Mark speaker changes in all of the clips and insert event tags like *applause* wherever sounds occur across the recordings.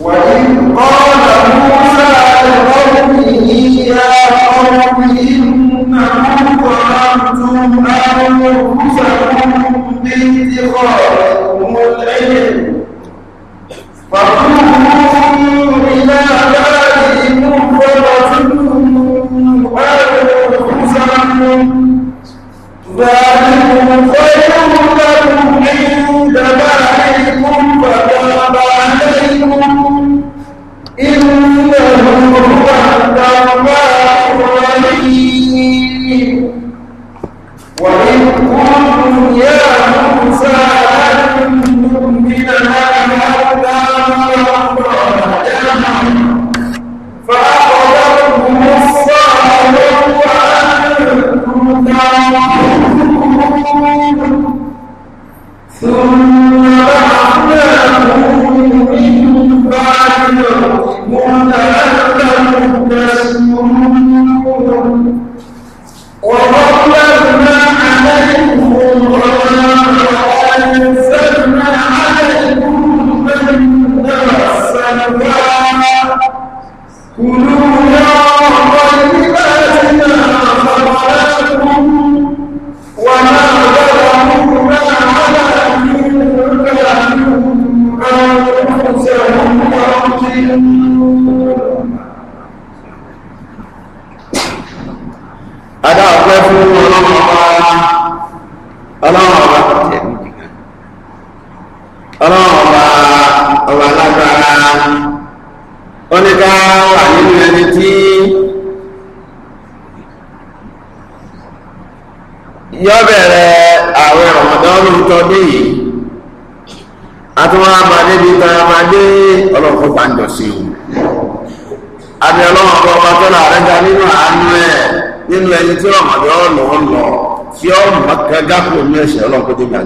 Speaker 1: وإذ قال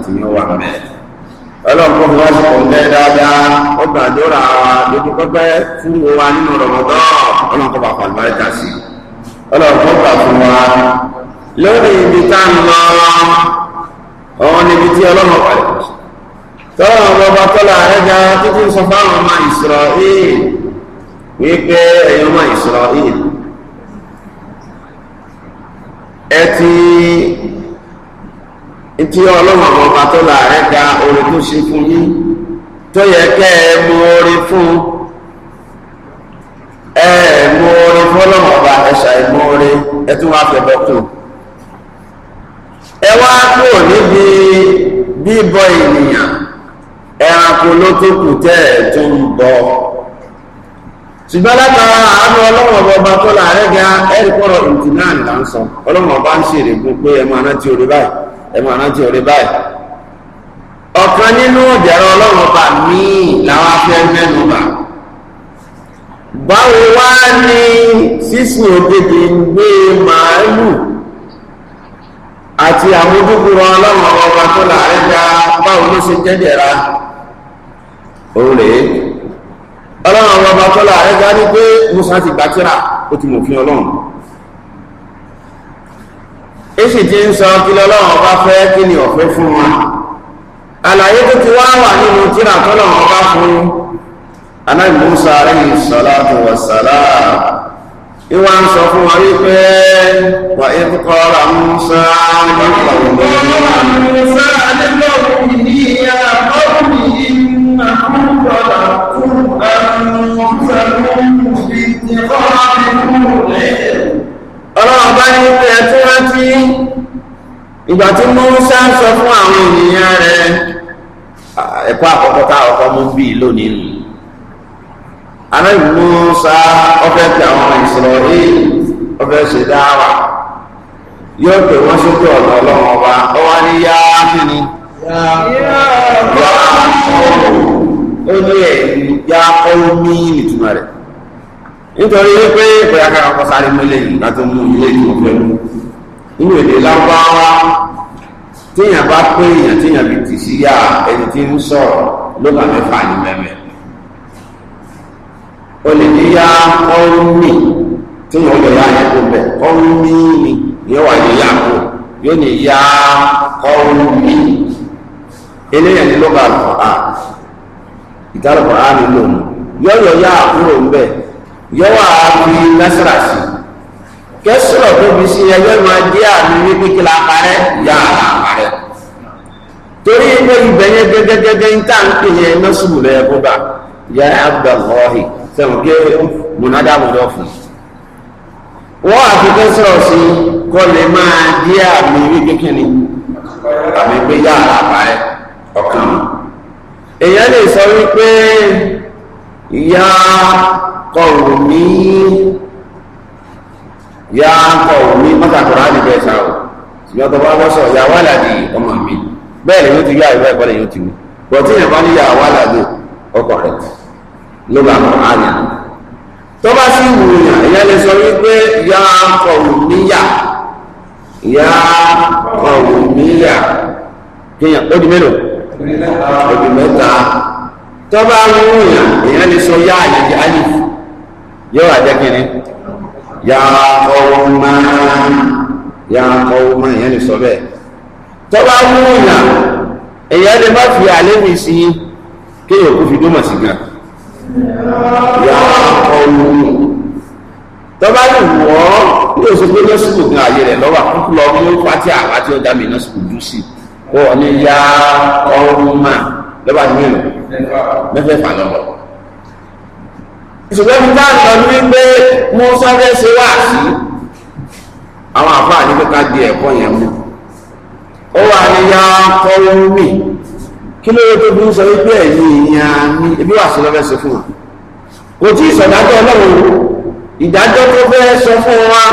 Speaker 1: tí yóò wà mẹ́. ọlọ́pọ̀ fún wáṣọ kò ń tẹ́ dáadáa ó gbàdúrà wa lójú pẹ́pẹ́ fún wo wa nínú rọ̀mọ́tọ́ ọlọ́pọ̀ bá pàlú ẹ̀dá sí i. ọlọ́pọ̀ gbà fún wa lórí ibi tá ń lọ ọ̀hún níbi tí ọlọ́mọ pàlẹ́ tọ́lá ọba tọ́lá ẹja títí sọ fáwọn ọmọ Ísírẹ́lì wípé ẹ̀yin ọmọ Ísírẹ́lì ẹ ti ntí ọlọ́run àwọn ọba tó là ga oore tó ṣe fún yín tó yẹ kẹ́ ẹ mú fún ẹ mú oore fún ọlọ́run ọba ẹ̀ṣà ìmú oore ẹ tún wá fẹ́ bọ́kùn. ẹ wá níbi bíbọ ènìyàn ẹranko ló tó ga ẹ̀rí là ń sọ ọlọ́run ọba ń ṣèrè pé ẹ ẹ máa rántí orí báyìí ọ̀kan nínú ìdẹ̀rọ ọlọ́run ọba míì làwọn afẹ́ mẹ́nu bà báwo wá ní sísìn òdèdè ń gbé màálù àti àmójúkúrọ ọlọ́run ọba tó láàrin ga báwo ló ṣe jẹ́jẹ̀ra òòlè ọlọ́run ọba tó láàrin ga ní pé musa ti gbàtíra ó ti mọ̀ fi ọlọ́run èsì tí ń sọ kí lọ́lọ́wọ́ bá fẹ́ kí ni ọ̀fẹ́ fún wọn àlàyé tó ti wá wà nínú tíra tọ́lọ́wọ́ bá fún anábì Mùsá alayhi salatu wassalam ìwà ń sọ fún wọn wípé wà á kọ́ ọ́ra Mùsá ọlọ́run bá ní pé ẹ
Speaker 2: ìgbà tí Mùsá sọ fún àwọn ènìyàn rẹ̀
Speaker 1: ẹ̀kọ́ àkọ́kọ́ tá ọkọ mú bíi lónìí nù anábì Mùsá ọfẹ́ pé àwọn Ísírẹ́lì ọfẹ́ ṣe dáwà yóò pè ọba ó wá ní yá yá yá ìtumọ̀ rẹ̀ nítorí wípé sáré yìí láti mú tíyàn bá pé èèyàn tíyàn bí tì sí yá ẹni tí ń sọ̀rọ̀ ló bá mẹ́fà ní mẹ́mẹ́ o lè ní yá ọ́rùnmí tíyàn ó lè yá yẹn kó bẹ̀ ọ́rùnmí ni yóò wà ní yá kó yóò ní yá ọ́rùnmí eléyàn ní ló bá lọ à ìdálọ́pọ̀ á nílò yọ̀yọ̀ yá àkúrò ń bẹ̀ yọ̀wọ̀ àfi lásìràsì. kẹsìrọ̀ tóbi sí ẹgbẹ́ máa jẹ́ àmì ní kíkìlá parẹ́ yà parẹ́ torí pé ibẹ̀ gẹ́gẹ́gẹ́gẹ́ ń tà ń pè yẹn mẹ́sùlù lẹ́yẹ kó bá yà á bẹ̀ lọ́ọ̀hì sẹ́wọ̀n kí mùnádà mọ̀dọ̀ fún wọ́n sí kọ́ lè máa jẹ́ àmì ní àmì pé parẹ́ ọ̀kan èèyàn lè sọ wípé ìyá yà á ń kọ òní mọ́tàkùrọ̀ á ní bẹ́ẹ̀ sá o ṣùgbọ́n tó bá bọ́ sọ yà wà ládì ọmọ mi bẹ́ẹ̀ lè yóò ti yá ìwé ẹ̀kọ́ lè yóò ti mi bọ̀ tí yẹn bá ní yà wà ládì ọkọ̀ rẹ̀ ló bá kọ̀ á yà tó bá sì wù yàn ìyá lè sọ wípé yà ń kọ òní yà yà á kọ òní yà kéèyàn ó di mélòó ó mẹ́ta tó bá wù yàn ìyá lè sọ yà àyàjì alif yóò wà jẹ́ kínní ya ọmọ ya ọmọ ìyẹn lè sọ bẹ́ẹ̀ tó bá mú ìyàn èyàn lè má fi àléwì sí kí èyàn kó fi dómọ̀ sí gan ya ọmọ tó bá lè wọ́ ní oṣù pé lọ́sùkù gan àyè rẹ̀ lọ́wọ́ àkókò lọ mú pátí àwa tí ó dá mi lọ́sùkù dú sí ó ní ya ọmọ lọ́wọ́ àti mẹ́rin mẹ́fẹ̀ẹ́fà lọ́wọ́ ìṣòro mi bá lọ ní wípé mo sáré ṣe wá sí àwọn àfáà ní pé ká di ẹ̀kọ́ yẹn mú ó wà ní ya kọ́wọ́ mi kí ló yẹ tó bí ń sọ wípé ẹ̀yìn ìyàn mi ebi wà sí lọ́fẹ́ sí fún wa kò tí ìsọ̀dájọ́ ọlọ́run ìdájọ́ tó fẹ́ sọ fún wa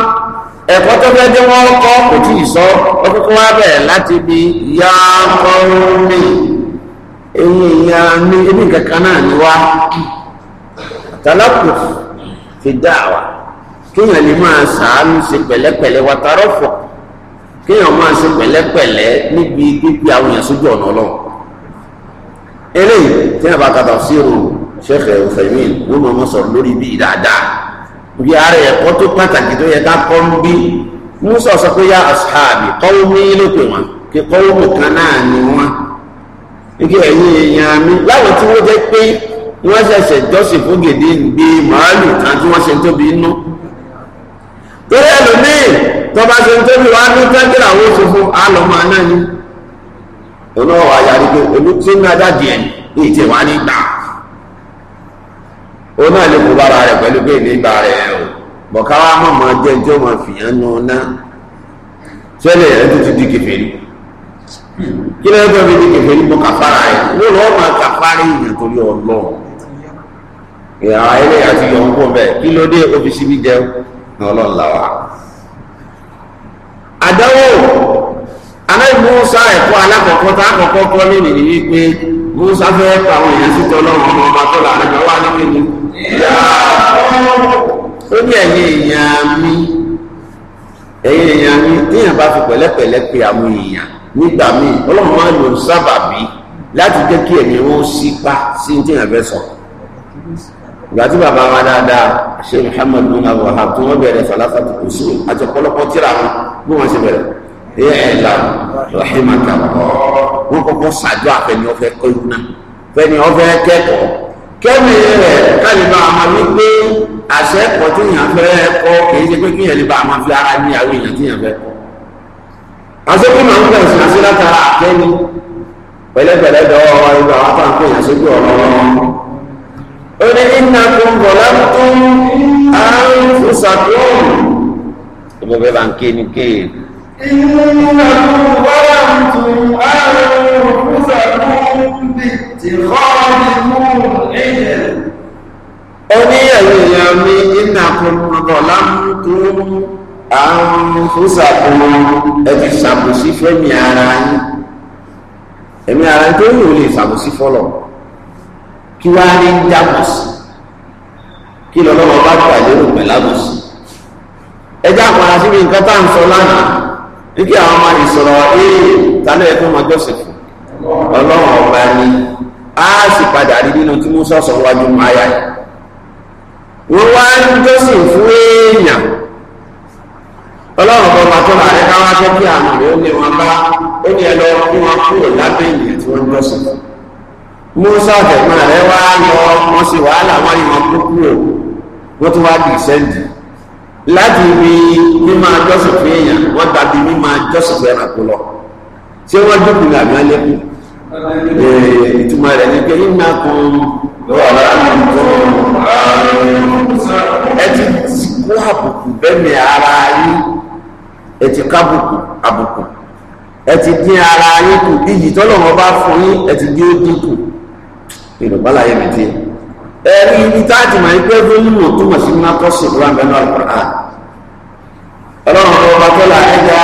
Speaker 1: ẹ̀kọ́ tó fẹ́ dé wọ́n kọ́ kò tí ìsọ ọkùnkùn wa bẹ̀rẹ̀ láti bi ya kọ́wọ́ mi ẹ̀yìn ìyàn mi ebi kankan náà ni wá tàlákùf fi dáàwà kéèyàn lè máa sàánú ṣe pẹ̀lẹ́pẹ̀lẹ́ wa tarọ́ fọ̀ kéèyàn máa ṣe pẹ̀lẹ́pẹ̀lẹ́ níbi gbígbé àwọn èèyàn sójú ọ̀nà ọlọ́run eléyìí tí wọn bá ka tafsiru Sheikh Uthaymeen wọn máa ma sọ̀rọ̀ lórí bíi dáadáa bí ara ẹ̀kọ́ tó pàtàkì tó yẹ ká kọ́ ń bí Musa sọ pé yá ashabi qawmi ló pè wọn kí qawmi kan náà ni wọn nígbà ẹ̀yìn èèyàn mi láwọn tí wọ́n jẹ́ pé wọ́n ṣẹ̀ṣẹ̀ jọ́sìn fún gèdè bí màálù àti wọ́n ṣe ń tóbi inú torí ẹlòmíì tọba ṣe ń tóbi wá ní tẹ́gìrì àwọn oṣù fún alọ́mọ náà ni olówó ayárí pé olú tí ń náà dáàdì ẹ̀ ní ìtì wá ní gbà ó náà lè kó bára rẹ̀ pẹ̀lú pé ìlú ìgbà rẹ̀ o bọ̀ká wá mọ̀ mọ́ jẹ́ tí ó mọ̀ fìyàn nu náà ṣẹlẹ̀ ẹ̀ tó ti di kèfèrí kí lẹ́yìn tó fi di kèfèrí mọ́ kàfárà rẹ̀ ló lọ́ọ́ máa kàfárà èèyàn torí ọlọ́run ìhà eléyà ti yọ ńkó bẹ́ẹ̀ kí ló dé ọ́fíìsì bí jẹun ní ọlọ́ọ̀la wa. àdánwò anáyí ẹ̀kọ́ alákọ̀ọ́kọ́ tá àkọ́kọ́ kọ́ lónìí ni wípé musa fẹ́ pa àwọn èèyàn sí tọ́lọ́mù ọmọ ọba tó lànà ìgbà wà nínú ìlú. ó ní ẹ̀yin èèyàn mi ẹ̀yin èèyàn mi téèyàn bá fi pẹ̀lẹ́pẹ̀lẹ́ pe àwọn èèyàn nígbà míì ọlọ́run máa ń lò sábàbí láti jẹ́ kí ẹ̀mí wọn ó sípa sí téèyàn fẹ́ sọ̀rọ̀ ìgbà tí bàbá wa dáadáa ṣe Muhammad bin abu wahab tí wọ́n bẹ̀rẹ̀ falafatu kùsù àti ọ̀pọ̀lọpọ̀ tíra wọn bí wọ́n ṣe bẹ̀rẹ̀ ẹ̀yẹ ẹ̀dá rahimaka wọn kọ́kọ́ ṣàjọ àfẹni ọ̀fẹ́ kọ́yún náà fẹni ọ̀fẹ́ kẹ́kọ̀ọ́ kẹ́mi rẹ̀ káni bá a máa wí pé àṣẹ ẹ̀kọ́ tí yàn fẹ́ kọ́ kìí ṣe pé kí yẹn lè bá a máa fi ara ní àwọn èèyàn tí yàn fẹ́ kọ́ àṣẹ kí màá ń bẹ̀rẹ̀ sí àṣẹ látara àfẹ́ni pẹ̀lẹ́pẹ̀lẹ́ dọ́wọ́ ìgbà ó ní ìnàkùn bọ̀lámtún àǹfùsàkùn ìbọ̀bẹ̀ bá ń ké ní kéè. ìnàkùn bọ̀lámtún àǹfùsàkùn bí ti rọ́ọ̀lì mú ẹ̀yẹ. ó ní ẹ̀yìn ìyá mi ìnàkùn bọ̀lámtún àǹfùsàkùn ẹ ti ṣàbòsí fẹ́mi ara yín ẹ̀mí ara yín tó yìí ò lè ṣàbòsí kí wá ní jábọ̀sì kí lọ́lọ́mọ bá gbà lérò pẹ̀lábọ̀sì ẹjá àwọn ará síbi nǹkan tá à ń sọ lánàá ní kí àwọn ọmọ ìsọ̀rọ̀ ee tálẹ̀ ẹ̀fọ́ máa jọ́sìn fún ọlọ́run ọba ni a sì padà rí nínú tí musa sọ wájú máyà wọ́n wá ń jọ́sìn fún èèyàn ọlọ́run ọba tó bá rẹ káwá jẹ́ kí àmọ̀ rẹ̀ ó ní wọn bá ó ní ẹ lọ kí wọn kúrò lábẹ́ ìyẹn tí wọ́n jọ́sìn fún musa ọ̀tẹ̀gbọ́n rẹ̀ wá lọ wọ́n sì wàhálà wọ́n yìí wọn kúkú o wọ́n tún wá di sẹ́ńdì láti ibi mímọ jọ́sìn fún èèyàn wọ́n tàbí mímọ jọ́sìn fún ẹranko lọ ṣé wọ́n jókòó ní àmì ẹlẹ́kùn ìtumọ̀ rẹ̀ ní pé nínú kan lọ́wọ́ ẹ ti kó àbùkù bẹ́ẹ̀ni ara yín ẹ ti ká àbùkù àbùkù ẹ ti dín ara yín kù iyì tọ́lọ́wọ́ bá fún yín ẹ ti dín ó dín kù yorùbá láyé mi ti ẹ̀rí ibi táàtì máa ń pẹ́ fúnmọ̀ túmọ̀ sí mọ́tò sí ìwádìí náà lọ́kùnrin à ọlọ́run ọba tó là ẹja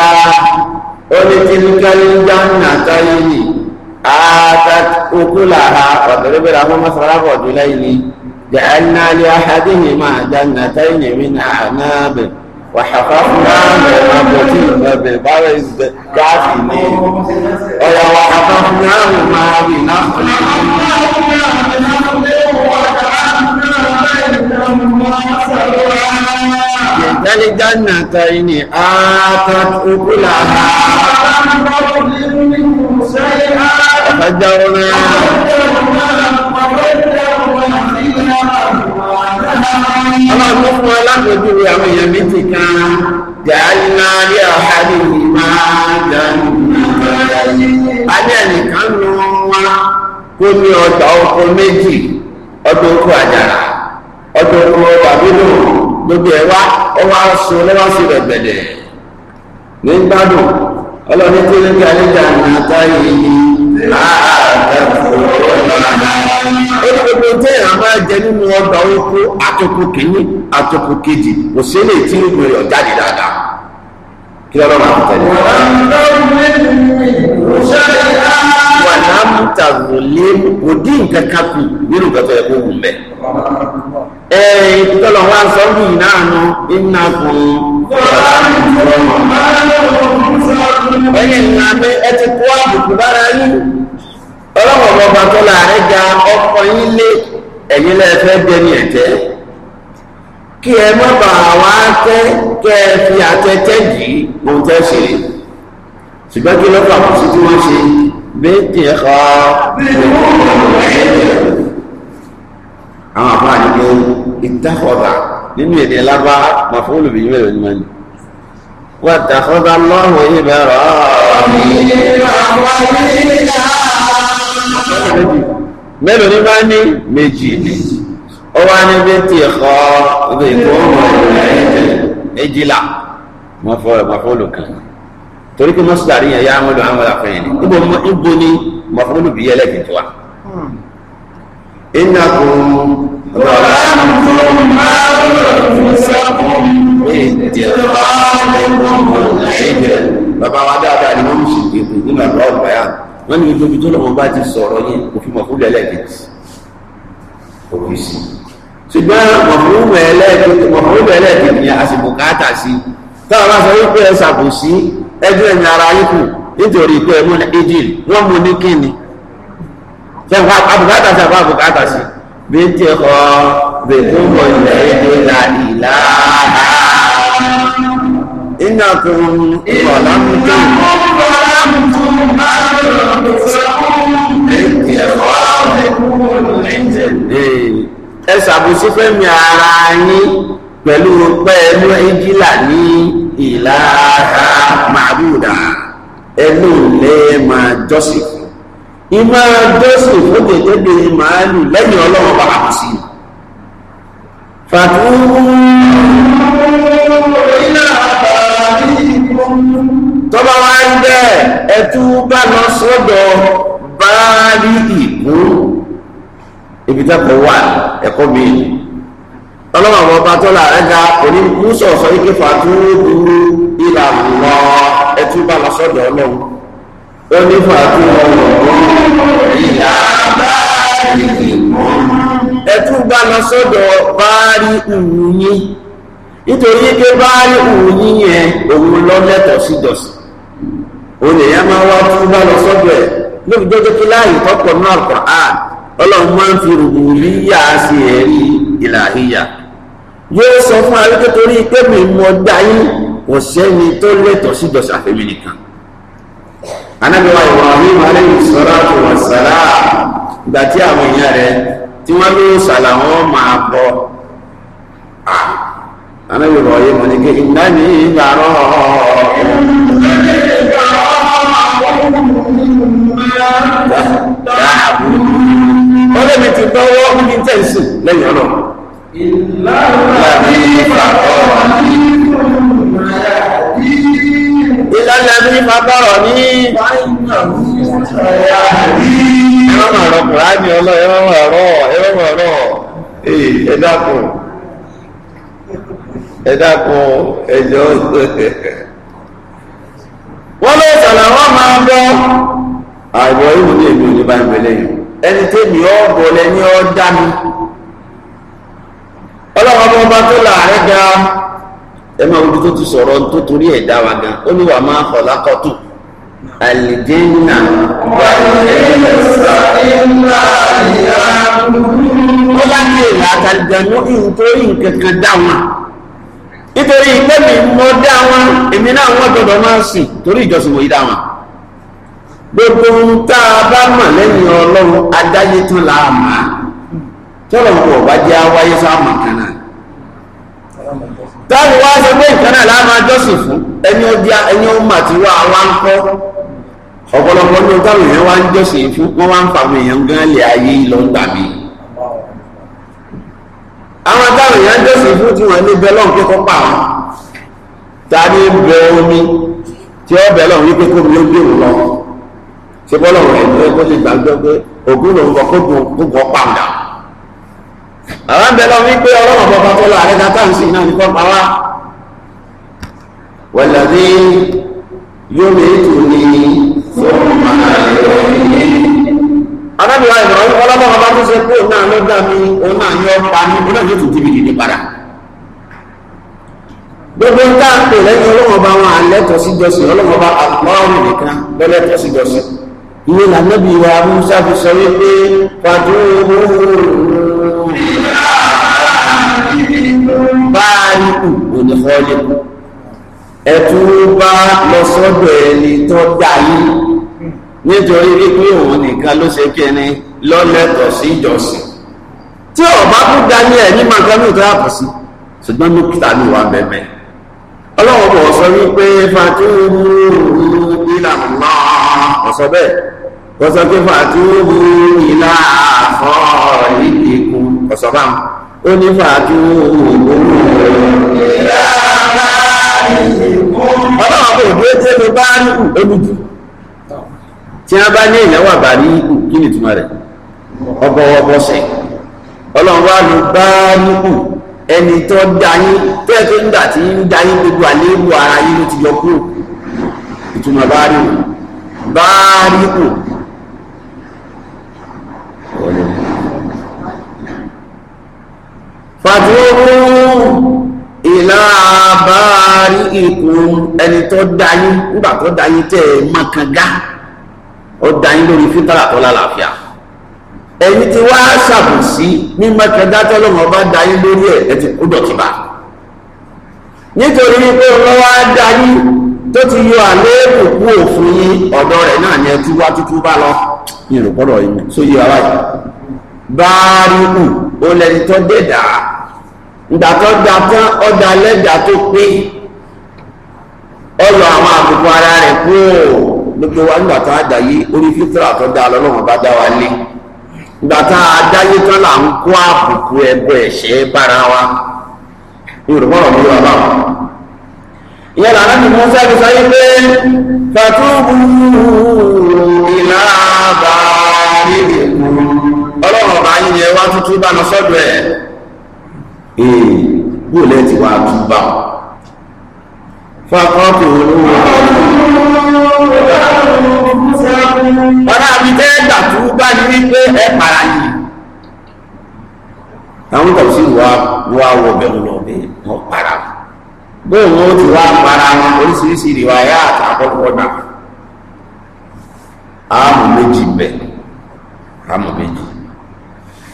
Speaker 1: onítìlúkẹ́lú jáǹnà táyé ni àtàkùkù làhà ọ̀dọ́rẹ́bẹ̀rẹ̀ àwọn mọ́sálá pọ̀ jù lẹ́yìn ni jàǹnà lé ahadìhìn máa jáǹnà táyé ni mí nà ánábẹ̀ wàhàfàfúnà mẹ́rin àbọ̀tí ìmọ̀bẹ̀ bára ìzẹ̀ gáàsì kálíjánàtà ni àtàkùkùlà àfàjáwọ́nà ọlọ́run fún alákojú àwọn èèyàn méjì kan jàálínà rí àhárí máa jàálínà alẹ́ nìkan nù wọn kó ní ọjà oko méjì ọdún oko àjàrà ọdún oko bàbí gbogbo ẹ̀ wá ó wá ń sun ló wá sí rẹ̀ gbẹ̀dẹ̀ ní gbádùn ọlọ́ni tí ó ga nígbà nàta yìí ni olùkókò tí èèyàn máa jẹ nínú ọgbà oko àtòkò kìíní àtòkò kejì kò sí lè tí ìlú rẹ̀ jáde dáadáa kí ọlọ́run àti tẹ̀lé àǹtàrólé kò dín nǹkan kan kù nínú nǹkan tó yẹ kó wù mẹ́. ẹ ìtọ́lọ̀ wa sọ ní ìnáàánú iná kan. ẹ̀yìn ìlànà pé ẹ ti kó àbùkù bára yín ọlọ́wọ́ bọba tó láàrin ga ọkọ yín lé ẹ̀yin lẹ́ẹ̀fẹ́ dẹni ẹ̀tẹ́ kí ẹ má bàa wá tẹ́ kẹ́ ẹ fi àtẹ́tẹ́ yìí ohun tẹ́ ṣe ṣùgbọ́n kí lọ́kọ̀ àkọsí tí wọ́n ṣe bẹ́ẹ̀tì ẹ̀kọ́ àwọn àfáà ní pé ìtàkọ̀dà nínú èdè lábá màfúlù bí mẹ́rin ní mọ́ni wọ́n tàkọ́dà lọ́wọ́ yìí bẹ̀rọ̀ mẹ́rin ní máa ní méjì ní ó wá ní bẹ́ẹ̀tì ẹ̀kọ́ ìgbẹ̀kọ́ méjìlá màfúlù kan torí pé mọ́sùlárì yẹn yá amọ́lò amọ́lò àfẹ́yìn ni ibo ibo ni mọ̀fúnlù bìí ẹlẹ́gbẹ̀ẹ́ tó wa. iná kò rọra fún márùn-ún sẹ́kùn ìdílọ́wọ́ bàbá wa dáadáa ni wọ́n ń ṣe ìgbèkùn nínú àgbà ọ̀gbà yá wọ́n ní ibi tó lọ́wọ́ bá ti sọ̀rọ̀ yẹn kò fi mọ̀fúnlù ẹlẹ́gbẹ̀ẹ́ òun sí ṣùgbọ́n mọ̀fúnlù ẹlẹ́gbẹ̀ẹ́ mọ̀fúnlù ẹlẹ́gbẹ̀ẹ́ ẹjọ́ ẹ̀yìn ara yín kù nítorí pé ẹ̀mú ìjì wọ́n mú ní kíni fẹ́fà abùkátà sí abùkátà sí bí tí ẹ kọ́ bẹ̀tún mọ̀ ilẹ̀ èdè la ìlà iná kun ìmọ̀lá mú tó. ìmọ̀lá mú tó máa ń lọ sọ́kún bí kọ́ bẹ̀tún mọ̀ ilẹ̀ ẹ ìlàhà màbúdà ẹnu ilẹ̀ máa jọ́sìn fún ìmọ̀ jọ́sìn fún tètèdè màálù lẹ́yìn ọlọ́run bá wà sí i. fàtúwù tọ́ba wa ń bẹ́ ẹtú bá lọ sọ́dọ̀ báárí ìkú ibi tẹ́kọ̀ọ́ wà ẹ̀kọ́ mi ọlọ́wọ́ àwọn ọba tọ́lá rẹ̀ ga òní musa ọ̀sọ́ ike fàtúrú ilà lọ ẹtú bá lọ sọ́dọ̀ ọlọ́run ó ní fàtúrú ọlọ́run ilà bá ẹtú bá lọ sọ́dọ̀ báárí ìwù yín nítorí pé báárí ìwù yín yẹn òun lọ lẹ́tọ̀ọ́ sí dọ̀sí òun èèyàn máa wá tú bá lọ sọ́dọ̀ ẹ̀ níbi jẹ́jẹ́ kí láàyè tọ́pọ̀ náà kọ̀ á ọlọ́run máa ń fi rògbòmí sí ẹ̀rí ìlàhíyà yóò sọ fún ayé tó torí pé mi mọ̀ dá yín kò sẹ́ni tó lẹ́tọ̀ọ́ sí ìjọsìn àfẹ́mi nìkan. Ànábì wa Ibrahim alayhi salatu wa salam ìgbà tí àwọn èèyàn rẹ̀ tí wọ́n ló sàlà wọn máa bọ̀ Ànábì Ibrahim ní kí iná ní ìgbàrọ̀ ọ̀rọ̀ mi ti tọwọ́ mi ti tẹ̀sí lẹ́yìn ọlọ́run. ìlànàbí ní ọ̀rọ̀ ọ̀rọ̀ wọ́n ló sọ̀rọ̀ máa bọ́ àìbọ̀ mi ò ní bá yìí ẹni tẹ́mi ọ̀ bọ̀ lẹ́ni ọ̀ dá mi. ọlọ́run ọmọ ọba tó láàárẹ̀ ga ẹ máa wọ́n tó ti sọ̀rọ̀ tó torí ẹ̀ dá wa gan ó ní wàá máa kọ̀ lákọ̀tù àlìdénà wà lẹ́yìn sàìlà ìyá ó bá ní èrè àtàlìjànú nítorí nǹkan kan dá wọn nítorí pé mi mọ dá wọn èmi náà wọ́n gbọ́dọ̀ máa sìn torí ìjọsìn wòye dá wọn gbogbo ohun tá a bá mọ̀ lẹ́yìn ọlọ́run adáyé tán là mọ̀ tọ́lọ̀ ń bọ̀ wá jẹ́ àwáyé sáà mọ̀ kan náà táàbù wá sọ pé nǹkan náà láàmú ajọ́sìn fún ẹni ọdí ẹni ọmọ àti wá wá ń kọ́ ọ̀pọ̀lọpọ̀ ní táwọn èèyàn wá ń jọ́sìn fún wọ́n wá ń fa àwọn èèyàn gan lè ayé lọ ń gbàgbé àwọn táwọn èèyàn jọ́sìn fún tí wọ́n ní bẹ́ẹ̀ lọ́n pé kọ́ pa àwọn ta ní bẹ omi tí ó bẹ̀ lọ́n wípé kó mi ó gbé òun lọ ṣé bọ́lọ̀ rẹ̀ ní ẹgbẹ́ lè gbàgbọ́ pé ògùn àwọn abẹ́lẹ́ wọn wípé ọlọ́run bọ́ba tó lọ àrẹ́dá táǹsì náà ní kọ́pa wá wọ̀lẹ́dí yóò lè tù ní anábìwá ìmọ̀ràn ọlọ́run bá tó ṣe pé òun náà ló dá mi òun náà yọ pa ní òun náà yóò tún tíbi dìde padà gbogbo ń tá à ń pè lẹ́yìn ọlọ́run ọba wọn àlẹ́tọ̀ sí jọ́sìn ọlọ́run ọba àlọ́run nìkan lọ́lẹ́tọ̀ sí jọ́sìn ìwé lànàbìwá musa fi sọ wípé báàlù òní fọ́ọ̀lẹ́kù ẹ̀tún bá lọ sọ́dọ̀ ẹni tó dá yín nítorí wípé òun nìkan ló ṣe kíni lọ́lẹ́tọ̀ sí ìjọsìn tí ọba kú dání ẹ̀ ní màgbámù tó yàtọ̀ sí ṣùgbọ́n dókítà ní ìwà bẹ̀bẹ̀ ọlọ́run bọ̀ sọ wípé fatúrú ìlànà ọ̀sọ́ bẹ́ẹ̀ wọ́n sọ pé fatúrú ìlànà ọ̀rọ̀ ìdíkùn ọ̀sọ́ báwọn. ó ní tí a bá ní ìyàwó kí ni ìtumọ̀ rẹ̀ ọbọ̀ ọlọ́run wá lu bá rí ẹni tó dá yín tẹ́ẹ̀ tí ń gbogbo àléébù ara ló ti yọ kúrò ìtumọ̀ bá bá fàtíwọ́n ìlà àbárí ìkùn ẹni tó dáyín nígbà tó dáyín tẹ́ ẹ mọ̀kànga ó dáyín lórí fítàrà tó lálàáfíà ẹni tí wá ṣàbùsí mímọ̀kànga tọ́lọ́mọ bá dáyín lórí ẹ̀ ẹ ti kú dọ̀tí bá nítorí pé ọlọ́wọ́ á dáyín tó ti yọ àléébù kú òfin yín ọ̀dọ́ rẹ̀ náà ni ẹ ti wá tútú bá lọ ní ìrùpọ̀rọ̀ yìí sóyè ara yìí báárù ó lẹni tó dẹ̀dà ìgbà tó da tán lẹ́dà tó pé ọ̀rọ̀ àwọn àbùkù ara rẹ̀ kú ò gbogbo wa nígbà orí fífúra tó da bá dá wa lé ìgbà tá tán là ń kó àbùkù ẹbọ ẹ̀ṣẹ́ bára wa yorùbá ọ̀rọ̀ mi wà báwọn ìyẹn ní pé ọlọ́run ọba yín yẹn wá tútú bá lọ sọ́dọ̀ ẹ̀ ee bó lẹ́ ti wá tú bá ọ. kò lówó ọ̀rọ̀ àmì tẹ́ gbà bá ní wípé ẹ para yìí. àwọn kan sì wá wá wọ bẹ́ẹ̀ lọ bẹ́ẹ̀ wọ́n para bóun ó ti wá para wọn oríṣiríṣi náà àmọ̀ méjì àmọ̀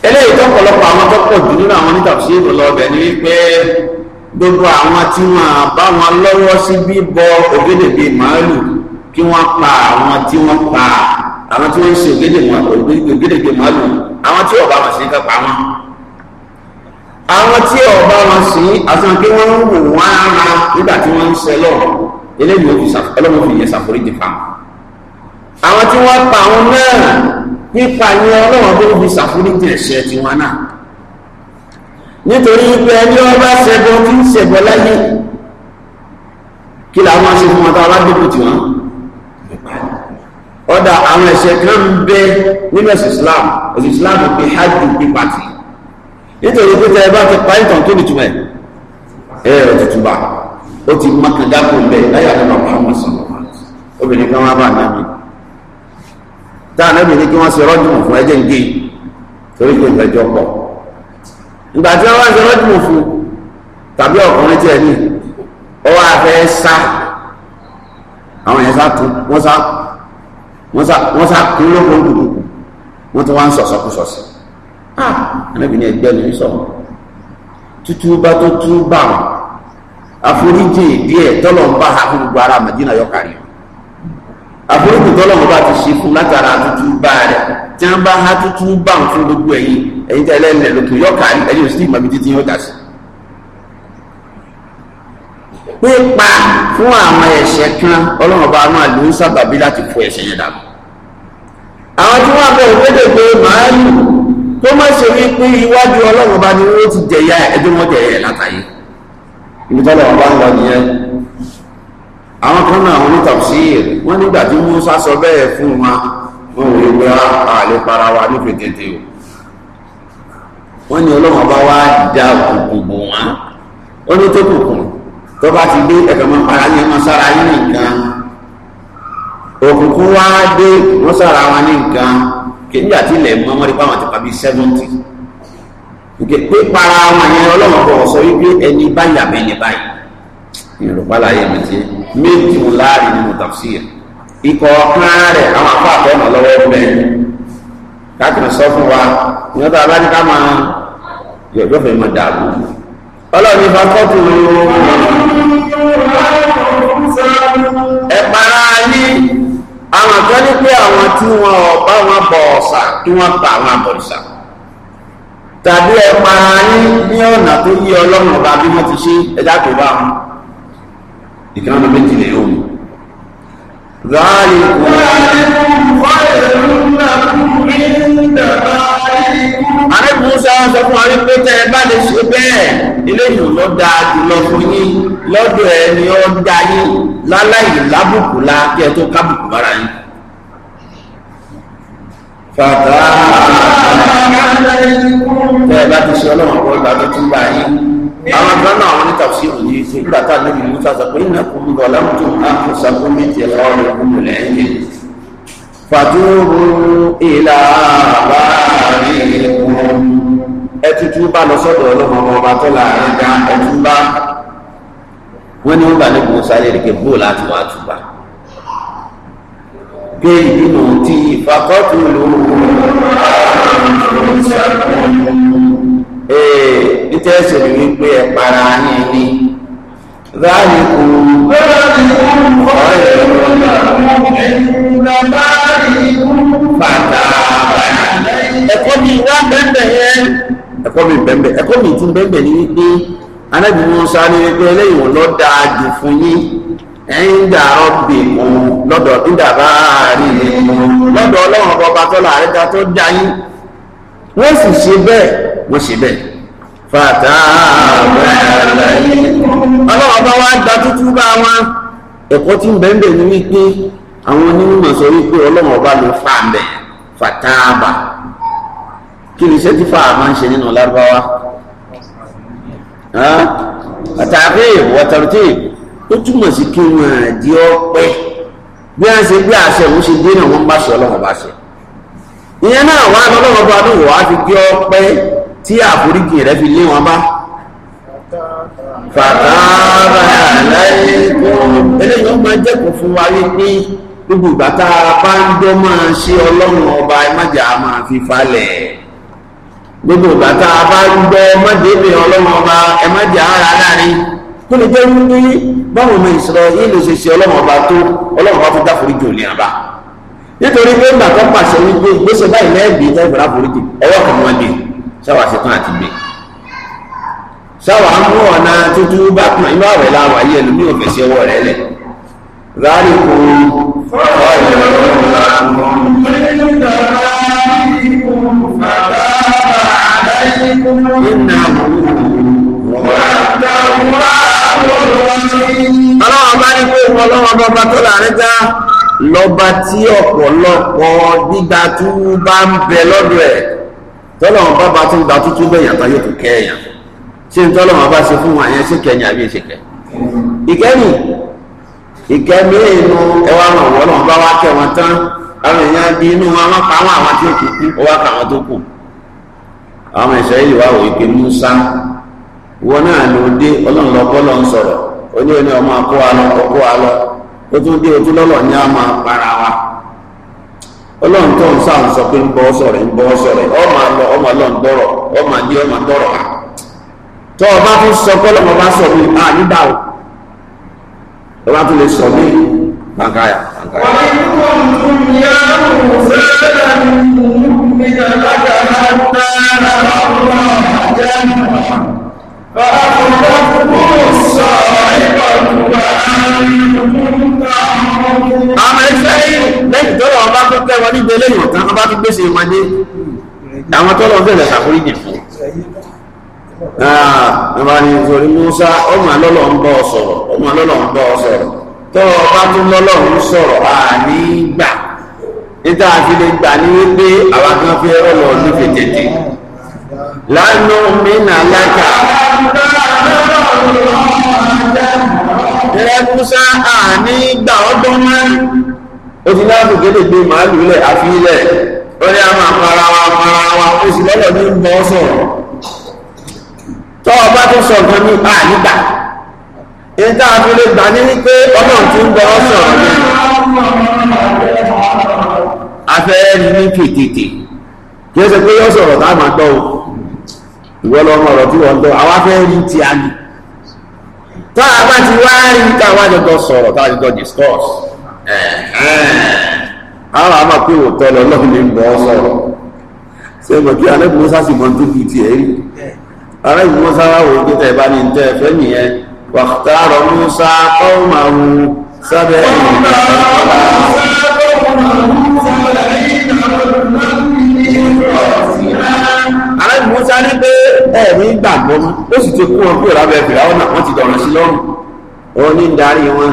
Speaker 1: eléyìí tó pọ̀lọpọ̀ àwọn tó pọ̀ jù nínú àwọn onítàfsírì lọ́bẹ̀ ni wípé gbogbo àwọn tí wọ́n bá wọn lọ́wọ́ sí bíbọ ògédègbè màálù kí wọ́n pa àwọn tí wọ́n pa àwọn tí wọ́n ń ṣe ògédègbè màálù àwọn tí ọba wọn sí ká pa wọn. àwọn tí ọba wọn sí àtúnwọ̀n kí wọ́n ń wò wọ́n ara nígbà tí wọ́n ń ṣe lọ́wọ́ eléyìí ọlọ́run fi ṣàforíjì fa àwọn tí wọ́n pa àwọn náà nípa ni ọlọ́wọ́n tó fi ṣàforíjì ẹ̀ṣẹ̀ tiwọn náà nítorí pé ẹni ọba ṣẹbọ tí ń ṣẹbọ láyé kí làwọn aṣọ fún ọ̀tá ọlágbèkú tiwọn ọ̀dà àwọn ẹ̀ṣẹ̀ kan ń bẹ nínú ẹ̀sìn Islam ẹ̀sìn Islam pé hajj pípa tì nítorí pé tẹ ẹ bá ti pa ìtàn tó nìtumọ̀ ẹ ẹ ẹ tuntun bá ó ti mọ kàdákò bẹ láyé àdébà Muhammad sọlọ obìnrin kan wá bá nàbí tá ànábì ní kí wọ́n ṣe rọ́jùmù fún ẹjẹ́ ń gé torí pé ìgbẹ́jọ́ pọ̀ ìgbà tí wọ́n wá ṣe rọ́jùmù fún tàbí ọkùnrin tí ẹ ní ọ wá fẹ́ sá àwọn yẹn sá tún wọ́n sá wọ́n sá wọ́n sá kí lóko dùdù wọ́n tún wá ń sọ̀sọ̀kúsọ̀sọ̀ ah ànábì ní ẹgbẹ́ mi sọ̀rọ̀ tútú bá tó tú bá wọn àforíjì díẹ̀ tọ́lọ̀ ń bá ha fún gbogbo ara màdínà yọkàrí àforíjì tọ́lọ́mù bá ti ṣe fún látara tútú bá rẹ̀ tí wọ́n bá há tútú bá fún gbogbo ẹ̀yìn ẹ̀yìn tẹ́lẹ̀ ńlẹ̀ lókè yọ kárí ẹ̀yìn òsì ìmọ̀ títí yóò sí. pípa fún àwọn ẹ̀ṣẹ̀ kan ọlọ́run bá láti fọ ẹ̀ṣẹ̀ yẹn àwọn tí wọ́n bẹ̀rù pé màálù tó má ṣe wí pé iwájú ọlọ́run bá ni wọ́n ti jẹ̀yà àwọn kan náà àwọn onítàbísíyè wọ́n nígbà tí Musa sọ bẹ́ẹ̀ fún wa wọ́n wò wípé àlè para wa ní fètètè o wọ́n ní ọlọ́wọ́n bá wá da òkùnkùn bò wọ́n ó ní tó kùnkùn tó bá ti dé ẹ̀kọ́ máa para ní ẹ̀ma sára yín nìkan òkùnkùn wá dé wọ́n sára wa ní nǹkan kéńjà tí ilẹ̀ mọ́ wọ́n rí pàwọn ti pa bíi sẹ́fúntì nke pípa àwọn yẹn ọlọ́wọ́n bọ̀ sọ wípé ẹni báyìí àbẹ́ni báyìí ìrùpá láyé mi ti yẹ méjì ń láàrin nínú tafsir ikọ̀ kan rẹ̀ àwọn afọ àtọ́nà lọ́wọ́ bẹ́ẹ̀ káàkiri sọ fún wa ìyọ́n tó abájú ká máa yọ̀jọ́ fẹ́ máa dààbò ọlọ́run ìfà kọ́tù ẹ para yí àwọn kan ní pé àwọn tí wọn ò bá wọn bọ ọ̀sà kí wọ́n pa àwọn àbọ̀rìṣà tàbí ẹ yí ní ọ̀nà tó yí ọlọ́run ọba bí wọ́n ti ṣe ẹ̀dá tó bá wọn ìkìlámù méjì lè yóò mú. ذلكم خير لكم عند بارئكم àrẹ musa sọ fún wa wípé tẹ ẹ bá lè ṣe bẹ́ẹ̀ eléyìí ló dáa jùlọ fún yín lọ́dọ̀ ẹ ni ó dá yín láláì lábùkù la kí ẹ tó kábùkù bára yín. fàtà tẹ ẹ bá ti ṣe ọlọ́run àwọn ìgbà tó tún bá yín àwọn kan náà àwọn níta sí òní ṣe nígbà tá a níbi musa sọ pé iná kò ń bọ̀ láwùjọ àpò sàkómìtì ẹ̀kọ́ rẹ̀ kúrò lẹ́yìn fàtúrú ìlà bá rí ẹkùn ẹtùtù bá lọ sọ́dọ̀ ọlọ́mọ ọba tó láàrin dá ẹtùtù bá wọ́n ní wọ́n bá níbi musa yẹ kí bóòlù láti wá àtúbà gbé ìdùnnú tí ìfakọ́tù lòún. ee ìtẹ́sẹ̀ ni wípé ẹ para yín ni láàyè kò ẹ̀kọ́ mi ìdá bẹ́ẹ̀ yẹn ẹ̀kọ́ mi bẹ́ẹ̀ ẹ̀kọ́ mi ti bẹ́ẹ̀ ni wípé anábìrin wọn sáré wípé ẹlẹ́yìn wọn lọ́ọ́ dáa jù fún yín ẹ̀yìn dà ọ́bì kù lọ́dọ̀ dídà bá rí i lọ́dọ̀ ọlọ́run ọba tọ́lá àríkà tó dá yín wọ́n sì ṣe bẹ́ẹ̀ wọ́n ṣe bẹ́ẹ̀ fàtà ọlọ́wọ́ bá wá gba tútú bá wọn ẹ̀kọ́ tí ń bẹ́ẹ̀ ní wípé àwọn onímọ̀ sọ wípé ọlọ́wọ́ bá ló fà ń bẹ̀ fàtà bà kí ni iṣẹ́ tí fà máa ń ṣe nínú lárúbáwá àtàkì wọ̀tàrùtì ó túmọ̀ sí kí wọ́n di ọpẹ́ bí wọ́n ṣe gbé àṣẹ òun ṣe dé náà wọ́n bá ṣe ọlọ́wọ́ bá ṣe ìyẹn náà wọ́n á lọ́wọ́ bá lóhùn wá fi gbé ọpẹ́ tí àforíkì rẹ̀ fi lé wọn bá fàtàrà aláìkùn eléyìí wọ́n máa jẹ́kùn fún wa wípé gbogbo ìgbà tá a bá ń dọ́ máa ṣe ọlọ́run ọba ẹ má jà máa fi falẹ̀ gbogbo ìgbà tá a bá ń gbọ́ mọ́débì ọlọ́run ọba ẹ má jà ara láàrin kó lè jẹ́ wípé báwọn ọmọ ìṣòro yìí ló ọlọ́run ọba tó ọlọ́run ọba fi dáforíjì òní àbá nítorí pé ìgbà kan pàṣẹ wípé ìgbésẹ̀ báyìí lẹ́ẹ̀gbẹ́ tẹ́gbẹ̀rẹ́ sáwà ṣetán àti gbé sáwà ń mú ọ̀nà tuntun bá kùnà inú àwẹ̀ láwà yìí ẹlòmí ò fẹ̀ sí ọwọ́ rẹ̀ lẹ̀ rárí kò ọlọ́wọ́ bá ní pé ọlọ́wọ́ bàbá tó láàrin já lọ́ba tí ọ̀pọ̀lọpọ̀ gbígbà tó bá ń bẹ lọ́dọ̀ ẹ̀ tọ́lọ́wọ́n bá bá tún gba tútú bẹ́ẹ̀ yàtọ̀ yóò tún kẹ́ ẹ̀yàn ṣé ń tọ́lọ́wọ́n bá ṣe fún wọn àyẹn ṣé kẹ́yìn àbí ṣe kẹ́ ìkẹ́yìn ìkẹ́mi inú ẹwà ràn wọ́n lọ́wọ́n bá wá kẹ́ wọn tán àwọn èèyàn Musa wọn náà ló dé ọlọ́run onye lọ́n sọ̀rọ̀ ó ọmọ akó ó tún dé wa. ọlọ́run tó ń sáà ń sọ pé ń bọ́ sọ̀rọ̀ ń bọ́ sọ̀rọ̀ ọmọ àlọ́ ọmọ ọlọ́run tọrọ ọmọ àdé ọmọ tọrọ à tọ́ ọba tó sọ pé ọlọ́mọ bá sọ mí à nígbà o ọba tó lè sọ mí kankaya kankaya. wàá ní wọn tún yá òun sẹ́lẹ̀ mi kàlákà náà náà ọ̀rọ̀ àjẹ́ bàbá kò bá kúrò sọ̀rọ̀ ìbàdàn wà á ní ìlú wọn níbi eléyìí ọ̀tán wọn bá fi gbèsè ìmọ̀dé àwọn tọ́lọ̀ bẹ̀rẹ̀ ṣàforíjì fún ah, ọba ní ìfòrí Musa ọmọ alọ́lọ́ ń bọ́ sọ̀rọ̀ ọmọ alọ́lọ́ ń bọ́ sọ̀rọ̀ tó ọba tún lọ́lọ́ ń sọ̀rọ̀ àní gbà níta àti lè gbà ní wípé àwa kan fi ẹ̀rọ lọ nífẹ̀ẹ́ tètè lánà mínà lákà ẹ Musa àní gbà ọdún mẹ́rin ó ti láàbù kéde gbé màálù lẹ̀ àfi lẹ̀ ó ní a máa para wa para wa ó sì lọ́dọ̀ ní gbọ́ sọ̀rọ̀ tọ́ ọba tó sọ nǹkan ní a nígbà ìta àfi lè gbà ní wípé ọmọ tí ń gbọ́ sọ̀rọ̀ ní afẹ́ ní kìtìtì kí ó ṣe pé yóò sọ̀rọ̀ tá a máa gbọ́ o ìwọ lọ́mọ ọ̀rọ̀ tí wọ́n ń tọ́ àwa fẹ́ rí ti a ní tọ́ àbá ti wá rí ká jọjọ sọ̀rọ̀ tá a jọjọ discuss. Eh. Eh. ara àmà pé òótọ́ lọ lọ́hùn ní gbọ́ sọ̀rọ̀ ṣé mo kí alẹ́ musa sì mọ tó fi tiẹ̀ rí alẹ́ musa wà wò pé tẹ̀bá ní tẹ́ fẹ́ nìyẹn wàhùtàrọ̀ musa kọ́ọ̀mà wù sábẹ́ alẹ́ musa ní pé ẹ̀mí gbàgbọ́ ó sì ti kú wọn kúrò lábẹ́ fìlà ọ̀nà wọn ti dọ̀rọ̀ sí lọ́rùn òun ní darí wọn.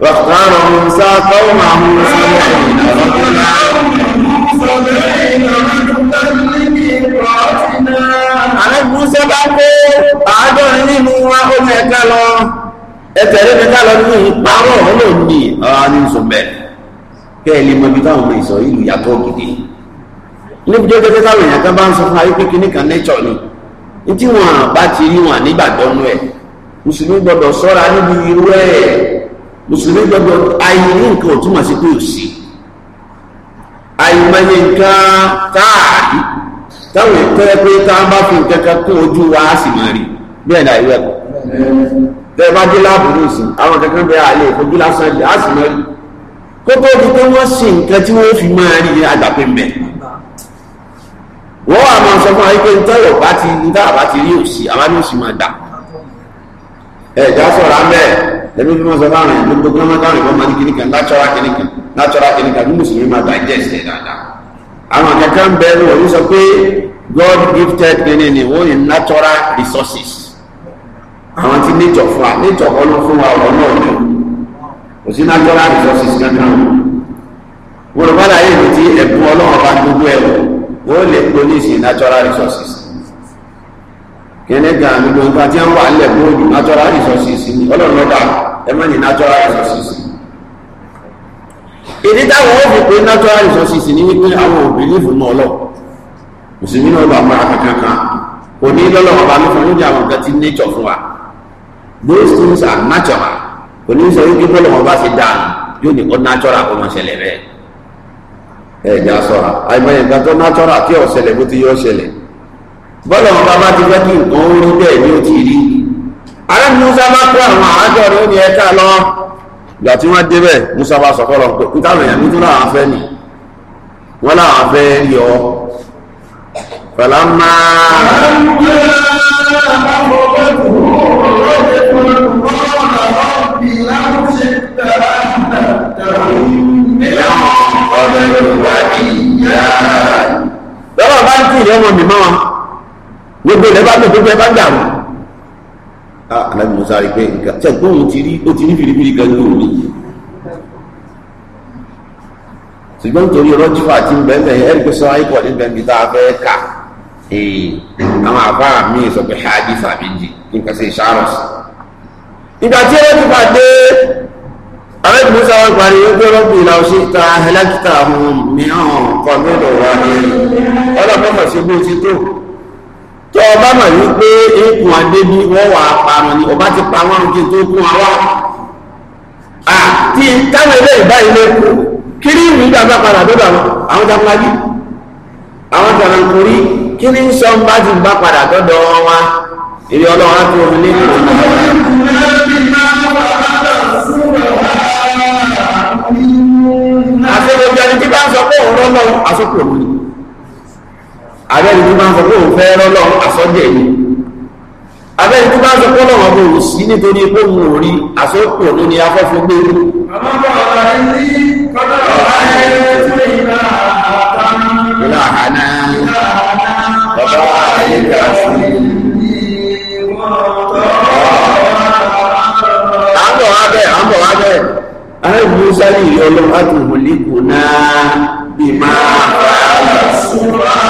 Speaker 1: واختار موسى قومه سبعين رجلا Àwọn Musa bá kó àádọ́rin nínú wa ó mẹ́ẹ̀ká lọ, ẹ̀tẹ̀rẹ́ mẹ́ta lọ ní ìparọ́ ọ̀hún ló ní ọ̀rá ní oṣù bẹ́ẹ̀. Kẹ́ẹ̀lì mọ ibi táwọn ọmọ ìsọ̀ ìlú yàtọ̀ gidi. Níbi tó gẹ́gẹ́ táwọn èèyàn kan bá ń sọ fún ayé kékeré kan nẹ́tọ̀ ni. Ní tí wọ́n bá ti rí wọn nígbàdọ́nú ẹ̀, Mùsùlùmí gbọ́dọ̀ ṣọ́ra níbi irú ẹ̀ mùsùlùmí gbọ́dọ̀ àìní nǹkan ò túmọ̀ sí pé ò sí àìmọye nǹkan táàrí táwọn ètò ẹ pé tá a bá fi nǹkan kan kún ojú wa á sì máa rí bẹ́ẹ̀ ni àìwẹ̀ kọ́ bẹ́ẹ̀ bá dé láàbù ní ìsìn àwọn kankan bẹ́ẹ̀ àlè ìfojú lásán jẹ́ á sì máa rí kó tó di pé wọ́n sì nǹkan tí wọ́n fi máa rí àgbàpẹ́ mbẹ́ wọ́n wà máa sọ fún wa pé ntọ́yọ̀ bá ti ntọ́yọ̀ bá ti rí òsì àwọn àmì òsì máa dà ẹ̀dá sọ̀rọ̀ á bẹ́ẹ̀ ẹbí fi máa sọ láàrin ẹni gbogbo ọmọ káàrin kan máa ní kíníkan natural kíníkan natural kíníkan ní mùsùlùmí máa digest ẹ dáadáa àwọn akẹ́kọ̀ọ́ ń bẹ ẹnu wọ̀nyí sọ pé God gifted kíní ni wọ́n ní natural resources àwọn tí nature fún wa nature kọ́ ló fún wa ọ̀rọ̀ náà ni kò sí natural resources kankan wọ́n lọ bá láyé ìrètí ẹ̀bùn ọlọ́run bá gbogbo ẹ̀rọ wọ́n lè polisi natural resources yẹn ní gan àmì gbọǹkan tí wọn wà ń lẹ bóòdù natural resources ni Ọlọ́run ló dá ẹ má ní natural resources. ìdí táwọn ó fi pé natural resources ni wípé àwọn òbí ní ìfúnmọ ọlọ mùsùlùmí náà lọ àmọ́ra kankan kan kò ní lọ́lọ́wọ́ bá lọ́fọ́ lóde àwọn nǹkan tí nature fún wa those things are natural kò ní sọ wípé bọ́lọ́wọ́ bá ti dáa yóò ní kó natural kó máa ṣẹlẹ̀ bẹ́ẹ̀. ẹ jà sọ̀rọ̀ àìmọye nǹkan tó natural tí ò ṣẹlẹ̀ bó ti yọ ṣẹlẹ̀ bọ́lá ọba bá ti fẹ́ kí nǹkan ó rí bẹ́ẹ̀ ni ó ti rí arábì musa bá kó àwọn àájọ rẹ̀ ó ní ẹ̀ka lọ ìgbà tí wọ́n débẹ̀ musa bá sọ fọlọ pé nítawọn èèyàn nítorí àwọn afẹ́ nì wọ́n láwọn afẹ́ yọ fàlámà. lọ́wọ́ bá ń kú ìyẹ́wọ̀n mi mọ́ wọn gbogbo ilẹ̀ bá gbogbo ẹ bá dààmú anabi musa rí pé nǹkan tí ẹ̀gbọ́n ti rí ó ti ní fìrìfìrì kan lóòrùn nìyí ṣùgbọ́n nítorí rọ́júfà tí ń bẹ́ẹ̀ bẹ́ẹ̀ ẹ̀rí pé sọ ayé pọ̀ ní bẹ́ẹ̀ bí tá a fẹ́ kà ee àwọn àbá mi sọ pé hadi sàbíjì nǹkan ṣe ṣàròs. ìgbà tí rọ́júfà dé anabi musa wọn parí ó gbé rọ́bì ìlànà ṣe ta ẹlẹ́kìtà mìíràn kọ́ mélòó wá ní ọlọ́pàá mọ̀ sí bó ti tó tó ọba mọ̀ wípé eékùn adébí wọ́n wà pàmò ni ọba ti pa wọn kí n tó kún wa wá àti táwọn ilé ìbáyìí lè kú kiri ìwé ìgbàgbà padà dọ́dọ̀ àwọn àwọn jagunlajú àwọn jàǹkórí kí ni sọ ń bá ti gbà padà dọ́dọ̀ wa ìrì ọlọ́run á ti omi ní ìlú. àṣẹ gbogbo ẹni tí bá sọ pé òun lọ́lọ́run àṣọ pé òun ni abẹ́ni tó bá ń sọ pé òun fẹ́ rọ́lọ́ àsọ́jẹ̀ yìí abẹ́ni tó bá ń sọ pé ọlọ́wọ́ kò sí nítorí pé òun ò rí àsọ́pọ̀ ló ní afẹ́fẹ́ gbé rí. ìlànà bàbá ayélujára sí i. à ìyọlọ́ àti òhùn lẹ́kọ̀ọ́ náà bí máa bá a lọ sí wa.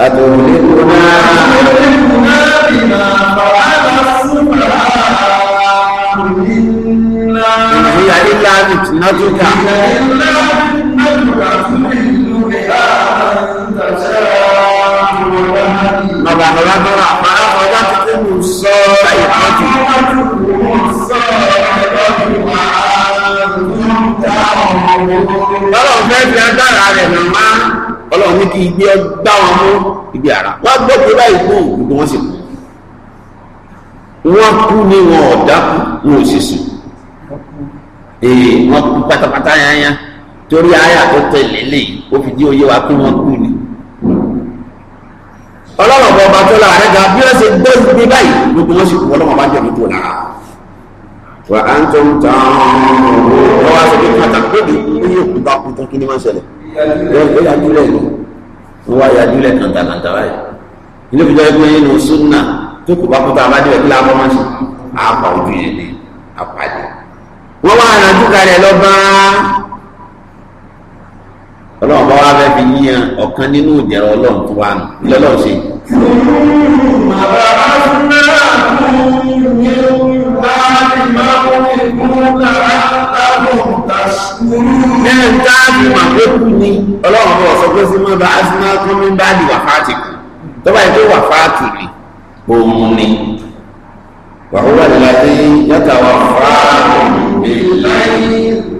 Speaker 1: أتهلكنا أتهلكنا بما فعل السفهاء منا إن هي إلا فتنتك إن هي إلا فتنتك تضل بها من تشاء وتهدي فأخذتهم الصاعقة فأخذتهم الصاعقة وعاد ترى فجأة على المعنى ọlọ́run ní kí igbe gbá wọn mú ibi àrà wọ́n gbọ́ pé báyìí kú gbogbo wọn sì kú wọ́n kú ní wọn ọ̀dá kú wọn ò sì sùn ee wọ́n kú pátápátá yányá torí àyà tó tẹ̀lé lẹ́yìn ó fi dí oyé wa pé wọ́n kú ni ọlọ́run bọ̀ bá tó la rẹ̀ ga bí wọ́n ṣe gbọ́ igbe báyìí gbogbo wọn sì kú ọlọ́run bá jẹ̀ mí tó lára wà á ń tó ń tán ọ́n wọ́n wá sọ pé pàtàkì pé iye kú kú tán kí ni máa ṣẹlẹ̀ ó yájú lẹ̀ lọ ó wá yájú lẹ̀ kàńtàkàńtà báyìí ilé ìfijọ́ ẹgbẹ́ yẹn ní sunna tó kù bá kúta abájọ́ ẹ̀kí láàbọ̀ máa ṣe àpà ojú yẹn ní àpàdé wọ́n wá àràjú kalẹ̀ lọ bá ọlọ́run bá wá fẹ́ẹ́ fi yíyan ọ̀kan nínú ìjẹ̀rọ ọlọ́run tó wà nù lọ́lọ́run ṣe. Thank you nínú táàbì màkókù ni ọlọ́run bọ̀ sọ pé símọ́ bá asínà tó ní bá di wàfáàtì kù tọ́ba yìí tó wàfáàtì ni òun ni. wàhùwà lẹ́dí yàtà wà fáàmù ìlà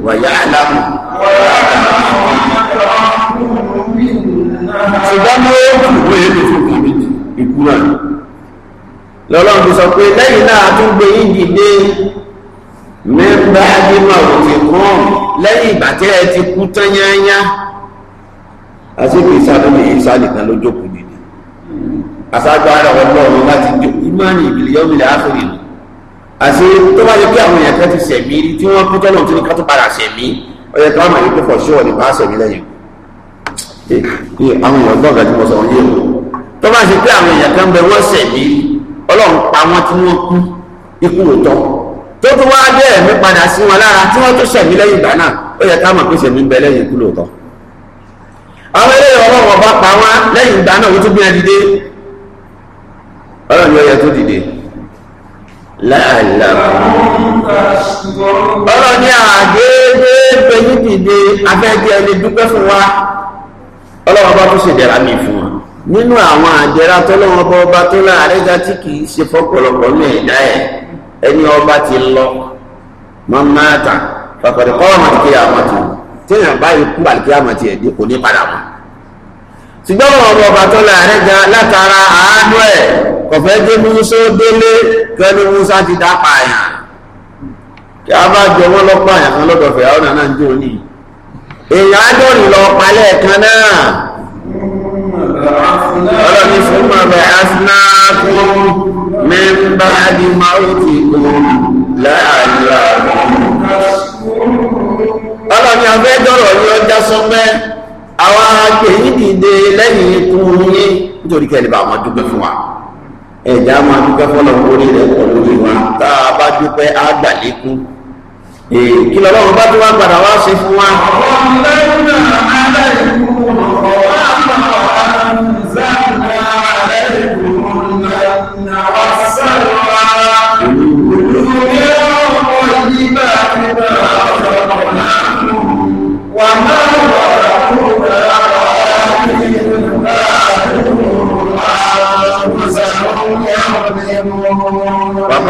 Speaker 1: wàyà àlámù. ṣùgbọ́n mo kúrò èlò fún mi ìkú náà lọ́lọ́run ti sọ pé lẹ́yìn náà a tún gbé yín dìde mẹ́mbà dìmọ̀ òtí kọ́ọ̀mù lẹ́yìn ìgbà tí ẹ ti kú tán yányá àṣepè ìsàlómi ìsàlì kan ló jókòó nìyí àṣàjọ ara ọlọ́run láti jó ìmánì ìbìlẹ̀ yọ́mì lẹ́ áfírí nù àṣe tó bá yẹ kí àwọn èèyàn kan ti sẹ̀mí tí wọ́n kú tọ́lọ̀ tí ní ká tó padà sẹ̀mí ọyẹ ká máa yí pé for sure ní bá sẹ̀mí lẹ́yìn pé àwọn èèyàn gbọ́n gàdí mọ̀sán yé o tó bá ṣe pé àwọn èèyàn kan sẹ̀mí ọlọ́run pa wọ́n tí wọ́n kú ikú òótọ́ tó tún wáá dé ẹ̀mí padà sí wọn lára tí wọ́n tún ṣẹ̀mí lẹ́yìn ìgbà náà ó yẹ ká mọ̀ pé ṣẹ̀mí ń bẹ lẹ́yìn ikú lóòótọ́ àwọn eléyìí ọlọ́run ọba pa wá lẹ́yìn ìgbà náà wọ́n tún gbìyànjú dìde ọlọ́run yóò yẹ tó dìde láàlá ọlọ́run ní àgégbé pẹ̀lú dìde afẹ́jẹ́ ẹni dúpẹ́ fún wa ọlọ́run ọba tún ṣèdẹ̀ra mi fún wa nínú àwọn àjẹrà tọ́lọ́run ọba ọba tó láàrẹ́gá tí kì í ṣe fọ́pọ̀lọpọ̀ ní ẹ̀dá ẹ̀ ẹni ọba ti lọ mọ́mọ́ta pàpàdé kọ́ ọmọ kí a mọ̀ tì tíyàn báyìí kú àlùkí àmọ̀ tì ẹ̀dín kò ní padà mọ́. ṣùgbọ́n ọ̀rọ̀ ọba tó lọ àárẹ̀ gan látara àánú ẹ̀ kọ̀fẹ́ dé musa délé kẹ́ni musa ti dá pààyàn kí a bá jọ wọ́n lọ́pọ̀ àyàn kan lọ́dọ̀ fẹ̀ àwọn nàá ń jó ní. èèyàn adọ́rin lọ palẹ̀ kan náà ọlọ́ni fún mọ̀ bẹ́ẹ̀ من بعد موتكم لعلكم ọlọ́ni abẹ́dọ̀rọ̀ ni ọjà sọ pé àwọn agbèyìn dìde lẹ́yìn ikú yín nítorí kẹ́lẹ̀ bá wọn dúpẹ́ fún wa ẹ̀dá máa dúpẹ́ fọ́lọ̀ orí rẹ̀ pọ̀ lórí wa tá a bá dúpẹ́ á gbà lékún kí lọ́lọ́run bá tún wá padà wá ṣe fún wa. ọ̀pọ̀ náà.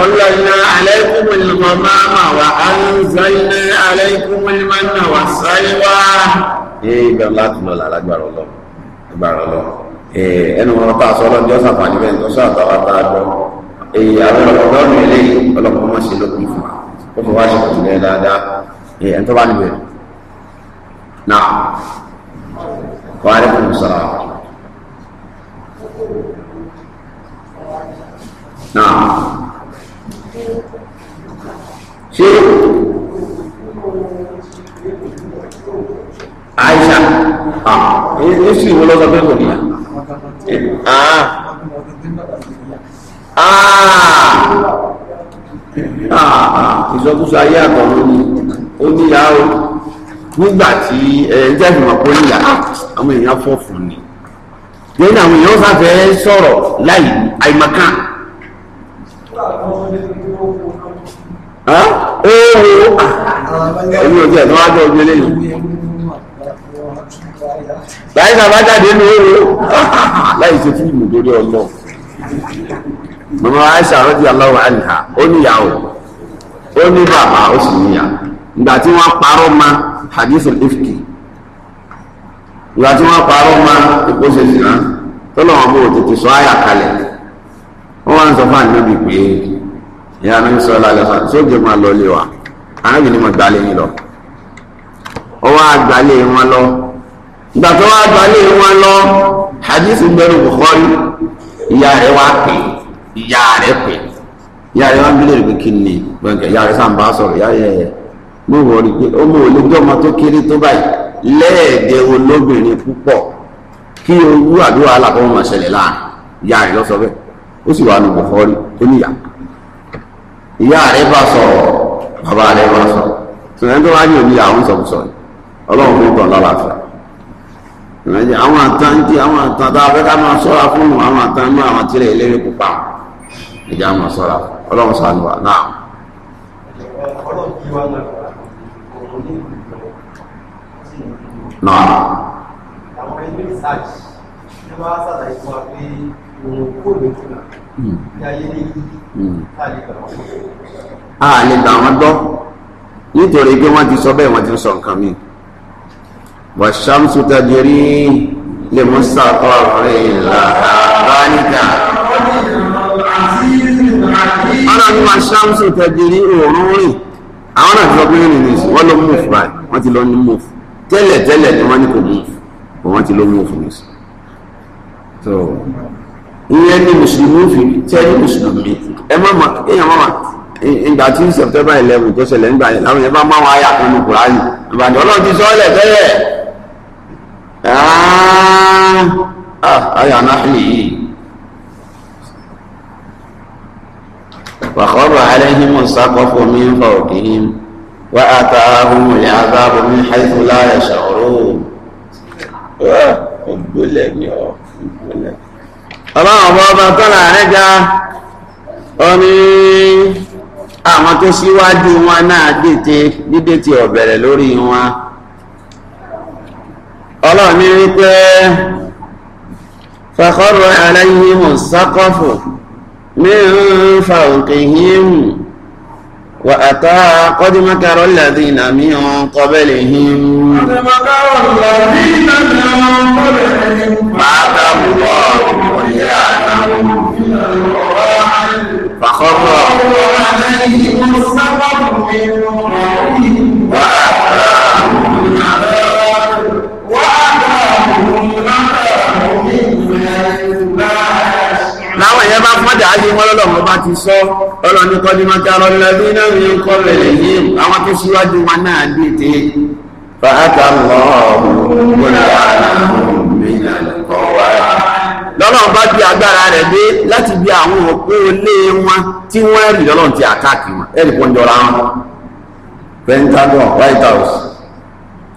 Speaker 1: وظللنا عليكم الغمام وأنزلنا عليكم المن والسلوى ibẹ̀ láti lọ làlágbára ọlọ agbára ọlọ ẹnu wọn tá a sọ ọlọ́dún ọ̀sán àfààní bẹ́ẹ̀ ní ọ̀sán àtàwọn tá a gbọ́ èyí àwọn ọlọ́dún eléyìí ọlọ́pàá wọn ṣe lókun fún wa ó fi wá ṣe lẹ́yìn dáadáa ẹni tó bá níbẹ̀ náà wàá rí fún sọ náà ṣé àìsà èsì ah, ìwé lọ́sọ pé kò níyà ah. ah. ìsọkúsọ ayé àtọ̀run ni ó níyà o nígbà tí ẹ̀ẹ́dẹ́ ìmọ̀ pé níyà àwọn èèyàn fọ́ ni lẹ́yìn àwọn èèyàn sáfẹ́ sọ̀rọ̀ láì àìmọ̀kan. ooo ẹ̀yìn ojú ẹ̀ tó wá jọ ojú eléyìí
Speaker 2: láì sábà jáde ní ooo
Speaker 1: láì ṣe fíìmù lórí ọlọ́ mọ̀mọ́ Aisha rọ́jì aláwọ̀ àníhà ó níyàwó ó ní bàbá ó sì níyà ìgbà tí ma ifki ìgbà tí ma bó tètè sọ àyà wá ń sọ fún pé ìyá mi sọ lálẹ́ sọ sóògì máa lọ lé wa àábì ni mo gbalé yín lọ ó wá gbalé wọn lọ ìgbà tó wá gbalé wọn lọ hadith gbẹrù Bukhari ìyá rẹ wá pè ìyá rẹ pè ìyá rẹ wá bílẹ̀ pé kí ni gbọ̀ngàn ìyá rẹ sàǹbà sọ̀rọ̀ ìyá rẹ mo wọ̀ rí pé ó mú olójú ọmọ tó kéré tó báyìí lẹ́ẹ̀dẹ̀ olóbìnrin púpọ̀ kí owó àdúrà làkọ́ wọn ṣẹlẹ̀ láàrin ìyá rẹ lọ sọ bẹ́ẹ̀ ó sì wà nù Bukhari ó níyàwó ìyá rẹ bá sọ̀rọ̀ bàbá rẹ bá sọ̀rọ̀ sọ̀rọ̀ tó wá ní òní àwọn sọ̀rọ̀ ọlọ́run fún tọ̀ lálàáfíà ìrìnàjò àwọn àtàn tí àwọn àtàn tá a fẹ́ ká máa sọ́ra fún àwọn àtàn náà àwọn àtìlẹ̀ ìlérí pupa ìjà máa sọ́ra ọlọ́run sànù wà náà. náà. àwọn ẹgbẹ́ ìsáàjì ni wọ́n á sàlàyé fún wa pé òun kò lè kùnà. Hmm. Hmm. a ah, lè gbà wọ́n gbọ́ nítorí pé wọ́n ti sọ bẹ́ẹ̀ wọ́n ti sọ nǹkan mi wàṣàmùsùn tajiri lè mú sàkọ́ rẹ̀ làhà báníkà ọlọ́run wàṣàmùsùn tajiri òórùn rìn àwọn náà ti sọ pé rìn ní ìsìn wọ́n ló mú fún báyìí wọ́n ti lọ ní mú fún tẹ́lẹ̀ tẹ́lẹ̀ ni wọ́n ní kò mú fún wọ́n ti lọ mú fún ìsìn ìyẹn ní mùsùlùmí òfin tí ẹ ní mùsùlùmí ẹ má ma kéèyàn má ma ìgbà tí September eleven tó ṣẹlẹ̀ nígbà yẹn láwọn yẹn bá máa wá ayà kan ní Kùránì ìbàdàn ọlọ́run ti sọ́ọ́lẹ̀ tẹ́lẹ̀ ayà náà nìyí. وخر عليهم السقف من فوقهم وأتاهم العذاب من حيث لا يشعرون. Ó gbólẹ̀ ni ọ́ gbólẹ̀. ọlọ́run bọ́ ọba tọ́lá rẹ̀ ga ó ní àwọn tó síwájú wọn náà dìde dídé ti ọ̀bẹ̀rẹ̀ lórí wọn ọlọ́run ní wípé fakọ́rọ̀ aláìhìmù sákọ́fù ní fa òkè hìmù wà àtà kọ́dímákàrọ̀ lẹ́dí ìnà mìíràn kọ́bẹ̀lẹ̀ hìmù. kọ́dímákàrọ̀ ìnà kọ́bẹ̀lẹ̀ hìmù. من قوم وأتاهم عذاب وأتاهم عذاب من حيث láwọn yẹn bá fọ́jà ayé wọn lọ́lọ́mọ bá ti sọ ọlọ́ ní kọ́ ní máa ta lẹ́bí náà ní kọ́ lẹ́lẹ̀ yìí àwọn tó síwájú wọn náà lè dé. fàákà mọ́ ọ̀hún gbọ́dọ̀ àwọn ọmọ mi náà kọ́ wáyé lọ́lọ́run bá gbé agbára rẹ̀ dé láti bí àwọn òpó olé wọn tí wọ́n rí lọ́lọ́run ti àtàkì wọn ẹ̀rì kò ń jọra wọn pentagon white house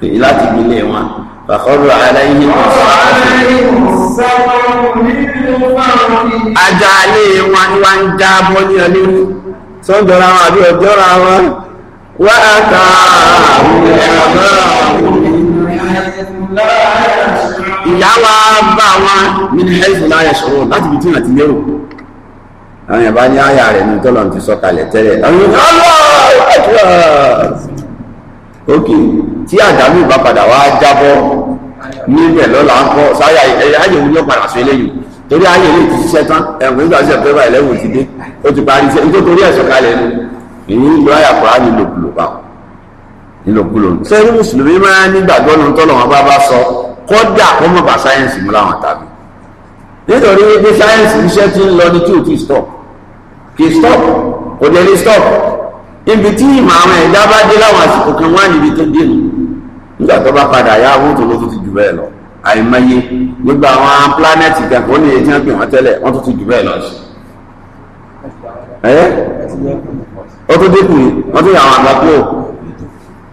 Speaker 1: èyí láti bí ilé wọn fàkọ́rọ̀ aláìní ọ̀sán ajá alé wọn ni wọ́n ń já bọ́ ní ọlẹ́ ní tó ń jọra wọn àbí ọjọ́ra wọn wọ́n á ta àwọn ẹ̀rọ náà ìyá wa bá wọn nínú ẹ̀sùn láyé sọ̀rọ̀ láti fi tíyàn ti lérò àwọn yàrá ní àyà rẹ̀ ní tọ́lọ̀ ti sọ kalẹ̀ tẹ́lẹ̀ ókè tí àdánù bá padà wá jábọ́ níbẹ̀ lọ́la ń kọ́ sáyà ayé òun yóò padà sọ eléyìí torí ayé ilé ti ṣiṣẹ́ tán ẹ̀wọ̀n nígbà tí ẹ̀fẹ́ báyìí lẹ́wọ̀n ti dé ó ti parí iṣẹ́ nítorí torí ẹ̀sùn kalẹ̀ ni èyí ń lo kọ́ra nílòkulò bá nílòkulò sẹ́yìn mùsùlùmí máa ń nígbàgbọ́ nù tọ́lọ̀ wọn bá bá sọ kọ́dà kó mọ̀ bá sáyẹ́ǹsì mú láwọn tàbí nítorí wípé sáyẹ́ǹsì iṣẹ́ ti ń lọ ní tí ò tí stop kì í stop kò dé ní stop ibi tí ìmọ̀ àwọn ẹ̀dá bá dé láwọn àsìkò kan wá níbi tó dé nù nígbà tó bá padà yá owó tó ló tó ti jù bẹ́ẹ̀ lọ àìmọye nígbà àwọn planẹ́tì kẹfọ́ ní etí wọn pè wọ́n tẹ́lẹ̀ wọ́n tó ti jù bẹ́ẹ̀ lọ sí ẹ́ ó tó dínkù wọ́n tó yà àwọn àgbà kúrò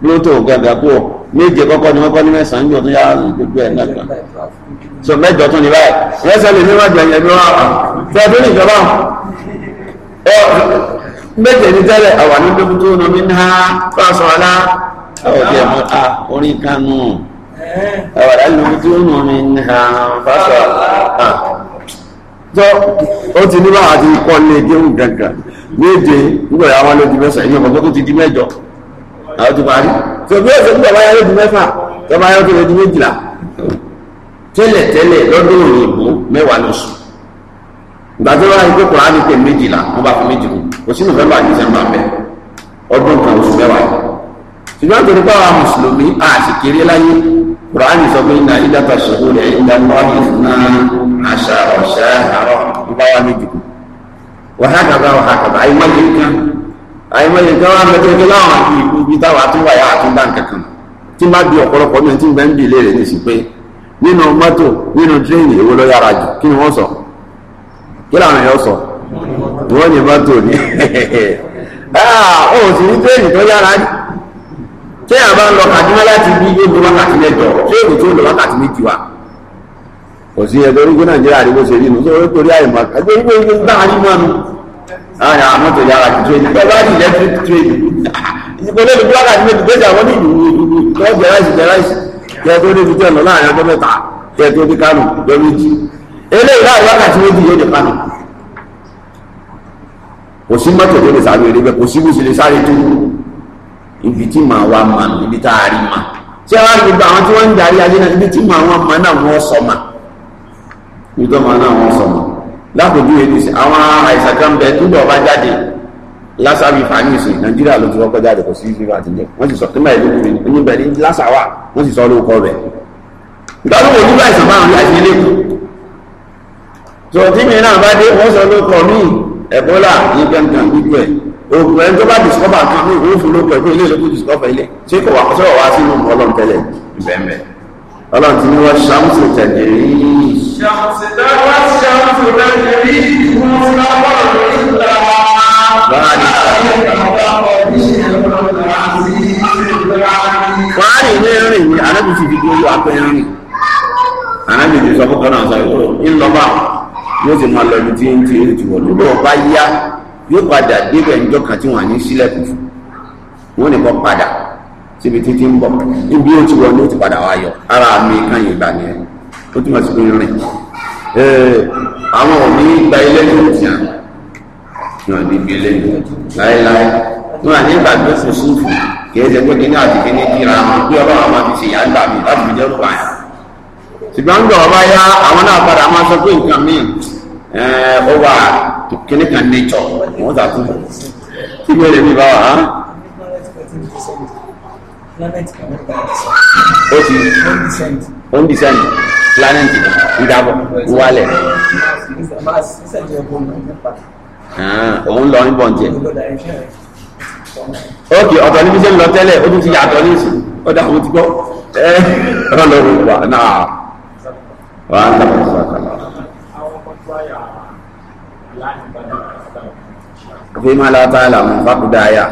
Speaker 1: Pluto gàgà kúrò méje kọ́kọ́ ni wọ́n kọ́ ní mẹ́sàn-án ní ọdún yára gbogbo ẹ̀ náà kan so mẹ́jọ tún ní báyìí rẹ́sẹ̀ lè ní wájú ẹ̀yẹ bí wọ́n fẹ́ bí nìjọba ọ méje ní tẹ́lẹ̀ àwa ní gbogbo tó nà mí náà fáṣọ ọlá ọ̀dẹ ẹ̀mọ́ a orin kanu àwa ní gbogbo tó nà mí náà fáṣọ ọlá tó ó ti ní báwa ti kọ́ lé géhùn e gàgà méje nígbà yà wọn ló di mẹ́sàn-án ìyẹn kọ́ tó ti di mẹ́jọ àwọn ti parí tó bí ọ̀sẹ̀ nígbà bá yára di mẹ́fà tó bá yára tó lè di méjìlá tẹ́lẹ̀ tẹ́lẹ̀ lọ́dún òyìnbó mẹ́wàá lọ́sùn ìgbà tó wáyé pé kùrán ní pé méjìlá wọ́n bá fi méjì kù kò sí nọ́vẹ́mbà dísẹ́mbà bẹ́ẹ̀ ọdún kan oṣù mẹ́wàá yìí ṣùgbọ́n torí báwa mùsùlùmí àṣìkiri láyé kùránì sọ pé iná ìdáta ṣòro rẹ̀ ìdá lọ́ọ̀lì náà àṣà ọ̀ṣẹ́ àárọ̀ ń bá wá méjì kù wàhákàbá wàhákàbá ayé má àyẹ̀mọ́ yìí kan wá mẹ́tẹ́ láwọn ibi táwa tún wáyà àti dá tí má bí ọ̀pọ̀lọpọ̀ náà tí ń bẹ́ ń bì léèrè ní ìsìn pé nínú mọ́tò nínú tírẹ́ẹ̀nì èwo yára jù kí ni wọ́n sọ kí làwọn èèyàn sọ wọ́n ní mọ́tò ni ọ̀hún *laughs* ah, sì ní tírẹ́ẹ̀nì tó yára jù ń lọ kàdúrà láti bí yóò wákàtí tó wákàtí kò sí ẹgbẹ́ orí àwọn yàrá mọ́tò yàrá ti tóyè nígbà bá ti electric train ìdìbò lẹ́nu bí wákàtí méjì gbèsè àwọn ní ìlú ìlú tó jẹ́ráìsì jẹ́ráìsì kẹ́ tó débi tó lọ láàrin ọjọ́ mẹ́ta kẹ́ tó dé kánò ọjọ́ méjì eléyìí láàrin wákàtí méjì yóò dé kánò kò sí mọ́tò tó lè sáré rẹ bẹ́ẹ̀ kò sí bó ṣe lè sáré tó ibi tí màá wá mà níbi tá a rí mà tí a wá gbogbo àwọn tí wọ́n ń darí ayé náà ibi tí màá wá mà náà wọ́n sọ mà ibi tó mà náà wọ́n sọ mà lápòjúwe ní sí àwọn àìsàn kan bẹ tó dọ̀ bá jáde lásà bíi fani sí nàìjíríà ló ti rọ́pọ̀ jáde kò sí fífa àti jẹ wọ́n sì sọ tó mẹ́rin lóko mi oní bẹ̀rẹ̀ lásà wà wọ́n sì sọ lóko rẹ̀ ìdánwò nígbà àìsàn máa ń rí àìsàn ilé kù sọ tí mi náà bá dé wọ́n sọ lóko mi Ebola ní gbẹ̀ngàn gbígbó ẹ̀ òkú ẹni tó bá discover kan ní ìwé òfin lóko ẹ̀ fún ilé ìlókù discover ilé ṣé kò wà sọ̀rọ̀ wá sínú ọlọ́run tẹ́lẹ̀ ìbẹ̀mẹ̀ ọlọ́run ti ní wọ́n yóò sì máa lọ́dún tí ń ti èyí ti wọ̀lú bó bá yá yóò padà débẹ̀ ńjọ́ kan tí wọ́n á ní sílẹ̀kùn fún wọ́n nìkan padà síbi títí ń bọ̀ níbi ó ti wọ̀ ní ti padà wá yọ ara mi kan yìí gbà ó rìn àwọn òní gba ilé ní ní ibi ilé ní láéláé wọn fún súnfù kì í ṣe ó wà kíní kan nature wọ́n sà tún tí yóò lè mi bá wà. ó ti ó ń planet ìdábọ̀ wálẹ̀ ah, òun lọ ń bọ̀ ókè ọ̀tọ̀ níbi jẹ́ lọ tẹ́lẹ̀ ó tún ti yàtọ̀ ní ìsìn ó dà wọ́n ti gbọ́ ẹ ọlọ́run wà náà wà á ń tàbí sọ́kàlà fi máa la ta làwọn fákúdá yà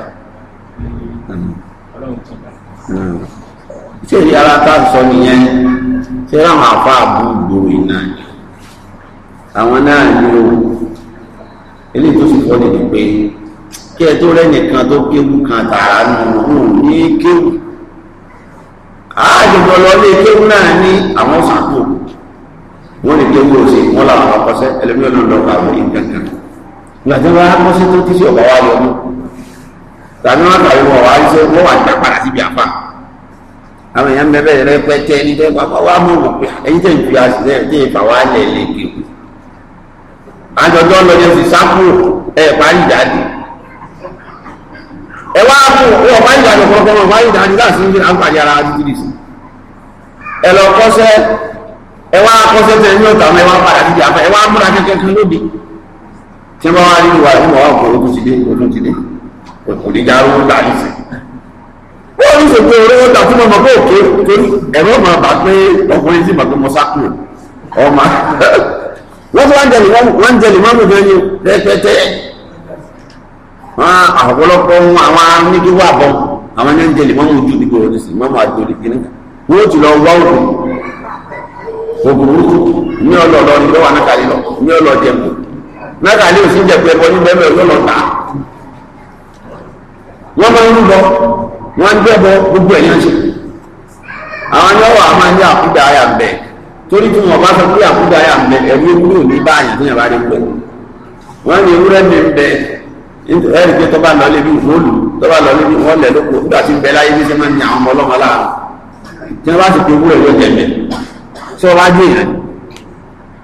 Speaker 1: ṣé èyí ara tá a sọ nìyẹn ṣé àwọn àfa àbúgbò iná ni àwọn náà ni o eléyìí tó sì fọ́ nìyí pé kí ẹ tó rẹ́nìkan tó kéwú kan tààrà nù ún ní kéwú àádìgbò lọ lé kéwú náà ní àwọn sàkóò. wọ́n ní kéwú òsè wọ́n làwọn akọ́sẹ́ ẹlẹ́mìíràn náà lọ́ọ́ kàwé nǹkankan gbàtí wọ́n akọ́sẹ́ tó ti sí ọ̀gá wa lọ mú tàbí wọ́n kàwé wọ̀ wá ṣe wà dá padà síbi àwọn èèyàn ẹni pé fi àṣìṣe ìfà sì sáfù parí ẹ wá parí parí láti ẹ wá kọ́sẹ́ tẹ ní ọ̀tà ọmọ ẹ wá padà síbi àfẹ ẹ wá múra kẹ́kẹ́ kan lóde tí wọ́n wá nínú wa ìwọ̀n wa ọkọ̀ ojú ti dé ojú ti dé kò ní dáró gbà nísìn. wọ́n ní sèpé olówó ta fún ọmọ pé òkè torí ẹ̀rọ máa bà pé ọkùnrin sì mà pé mo sákùn ọmọ wọ́n tún wá ń jẹ̀lì wọ́n ń jẹ̀lì mọ́mú bẹ́ẹ̀ ni rẹpẹtẹ ọ̀pọ̀lọpọ̀ ohun àwọn onídìwọ̀ àbọ̀ àwọn ẹni ń jẹ̀lì mọ́mú ojú nígbà oníṣìí mọ́mú àti olùkíní wọ́n ti lọ wá òkú ògùrùkù ní ọlọ lọ ní lọ́wọ́ anákàlẹ lọ ní ọlọ jẹ̀bú nákàlẹ òsì jẹ̀bú ẹbọ ní bẹẹmẹ ọjọ́ lọ tà wọn máa ń lọ wọn ń jẹbọ gbogbo ẹ̀yìn ọ̀sẹ̀ àwọn ni ọwọ́ àmà ní àkúdà ayà ń bẹ torí tí wọn bá sọ pé àkúdà ayà ń bẹ ẹ̀rú ewúrẹ́ ò ní bá àyàn tó yàn bá rí pẹ wọn ní ewúrẹ́ mi ń bẹ ẹ̀rí pé tọ́ba lọ lébi ìfowólu tọ́ba lọ lébi wọn lẹ lóko nígbà tí ń bẹ láyé bí sẹ́mẹ́ ní àwọn ọmọ ọlọ́mọ láàrú tí wọ́n bá sì pé ewúrẹ́ yóò jẹ mẹ́rin sọ wá gbé yàn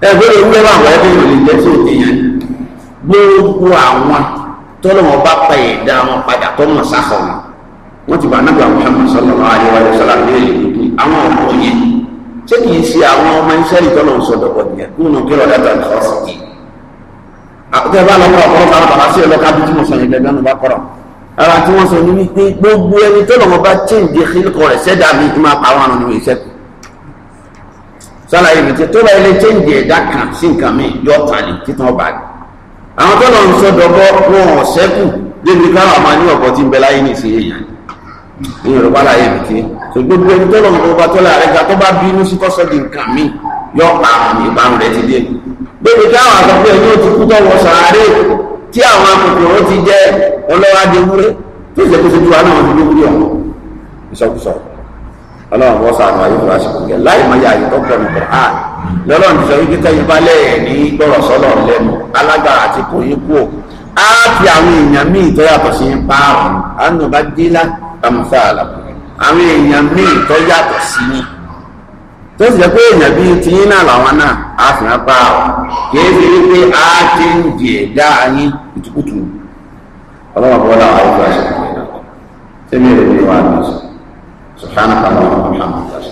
Speaker 1: ẹgbẹ́ ló wúlẹ́ àwọn ẹgbẹ́ yàn lè jẹ́ sí òkè yàn gbogbo àwọn tọ́lọ̀ wọn bá pa ẹ̀dá wọn padà tó mọ̀ sáfọ̀ wọn wọ́n ti bá anábì àwọn Muhammad sallallahu alaihi wa sallam lórí ìlú àwọn ọ̀pọ̀ yẹn ṣé kìí ṣe àwọn ọmọ Ísírẹ́lì tọ́lọ̀ ń sọ̀dọ̀ pọ̀ nìyẹn kí wọn kí lọ dàgbà ní ọ̀sẹ̀ yìí. àkókò ẹ̀ bá lọ kọ́ra kọ́ra bàbá bàbá sí ọlọ́ka bí ara tí wọ́n sọ ní wípé gbogbo ẹni tọ́lọ̀ wọn bá change the hill kọ́ rẹ̀ sẹ́dá mi máa pa àwọn àrùn ìṣẹ́kù sálàyé mi ti tó bá ilé chéǹjì ẹ̀dá kan sí nǹkan mi yọ tàn ní títàn ọba rẹ̀ àwọn tó lọ ń sọ dọ́gbọ́ wọn ò sẹ́kù débi káwọn máa ní ọ̀pọ̀ tí ń bẹ láyé ní ìsinyìí yẹn ní yorùbá láyé mi ti tó gbogbo ẹni tó lọ ń gbogbo tó láàrẹ ga tó bá bínú sí kọ́sọ́ di nǹkan mi yọ pa àwọn ìbámu rẹ̀ ti dé débi káwọn àgbàgbọ́ ẹni ó ti kú tọ́wọ́ sàárè tí àwọn akòkòrò ti jẹ́ ọlọ́wádé wúré tó ọlọ́run bọ́ sànù ayé fún àsìkò gẹ̀ láì mọ ìyá yìí tọ́pọ̀ ní Qur'an lọ́lọ́run sọ wípé tẹ́yìn bá lẹ́yìn ní gbọ́rọ̀ sọ́lọ̀ lẹ́nu alágbára àti kò yín kú á fi àwọn èèyàn míì tó yàtọ̀ sí ń pa àrùn àánú bá dé lá àmúfẹ́ àlàbò àwọn èèyàn míì tó yàtọ̀ sí ní tó sì jẹ́ pé èèyàn bíi tiyín náà làwọn náà á fi hàn pa àrùn kìí fi rí pé á ti ń di ẹ̀dá yín kùtùkùtù ọlọ́run bọ́ làwọn ayé fún àsìkò gẹ̀ náà tẹ́lẹ̀ rẹ̀ ní wàá lọ sọ سبحانك اللهم وبحمدك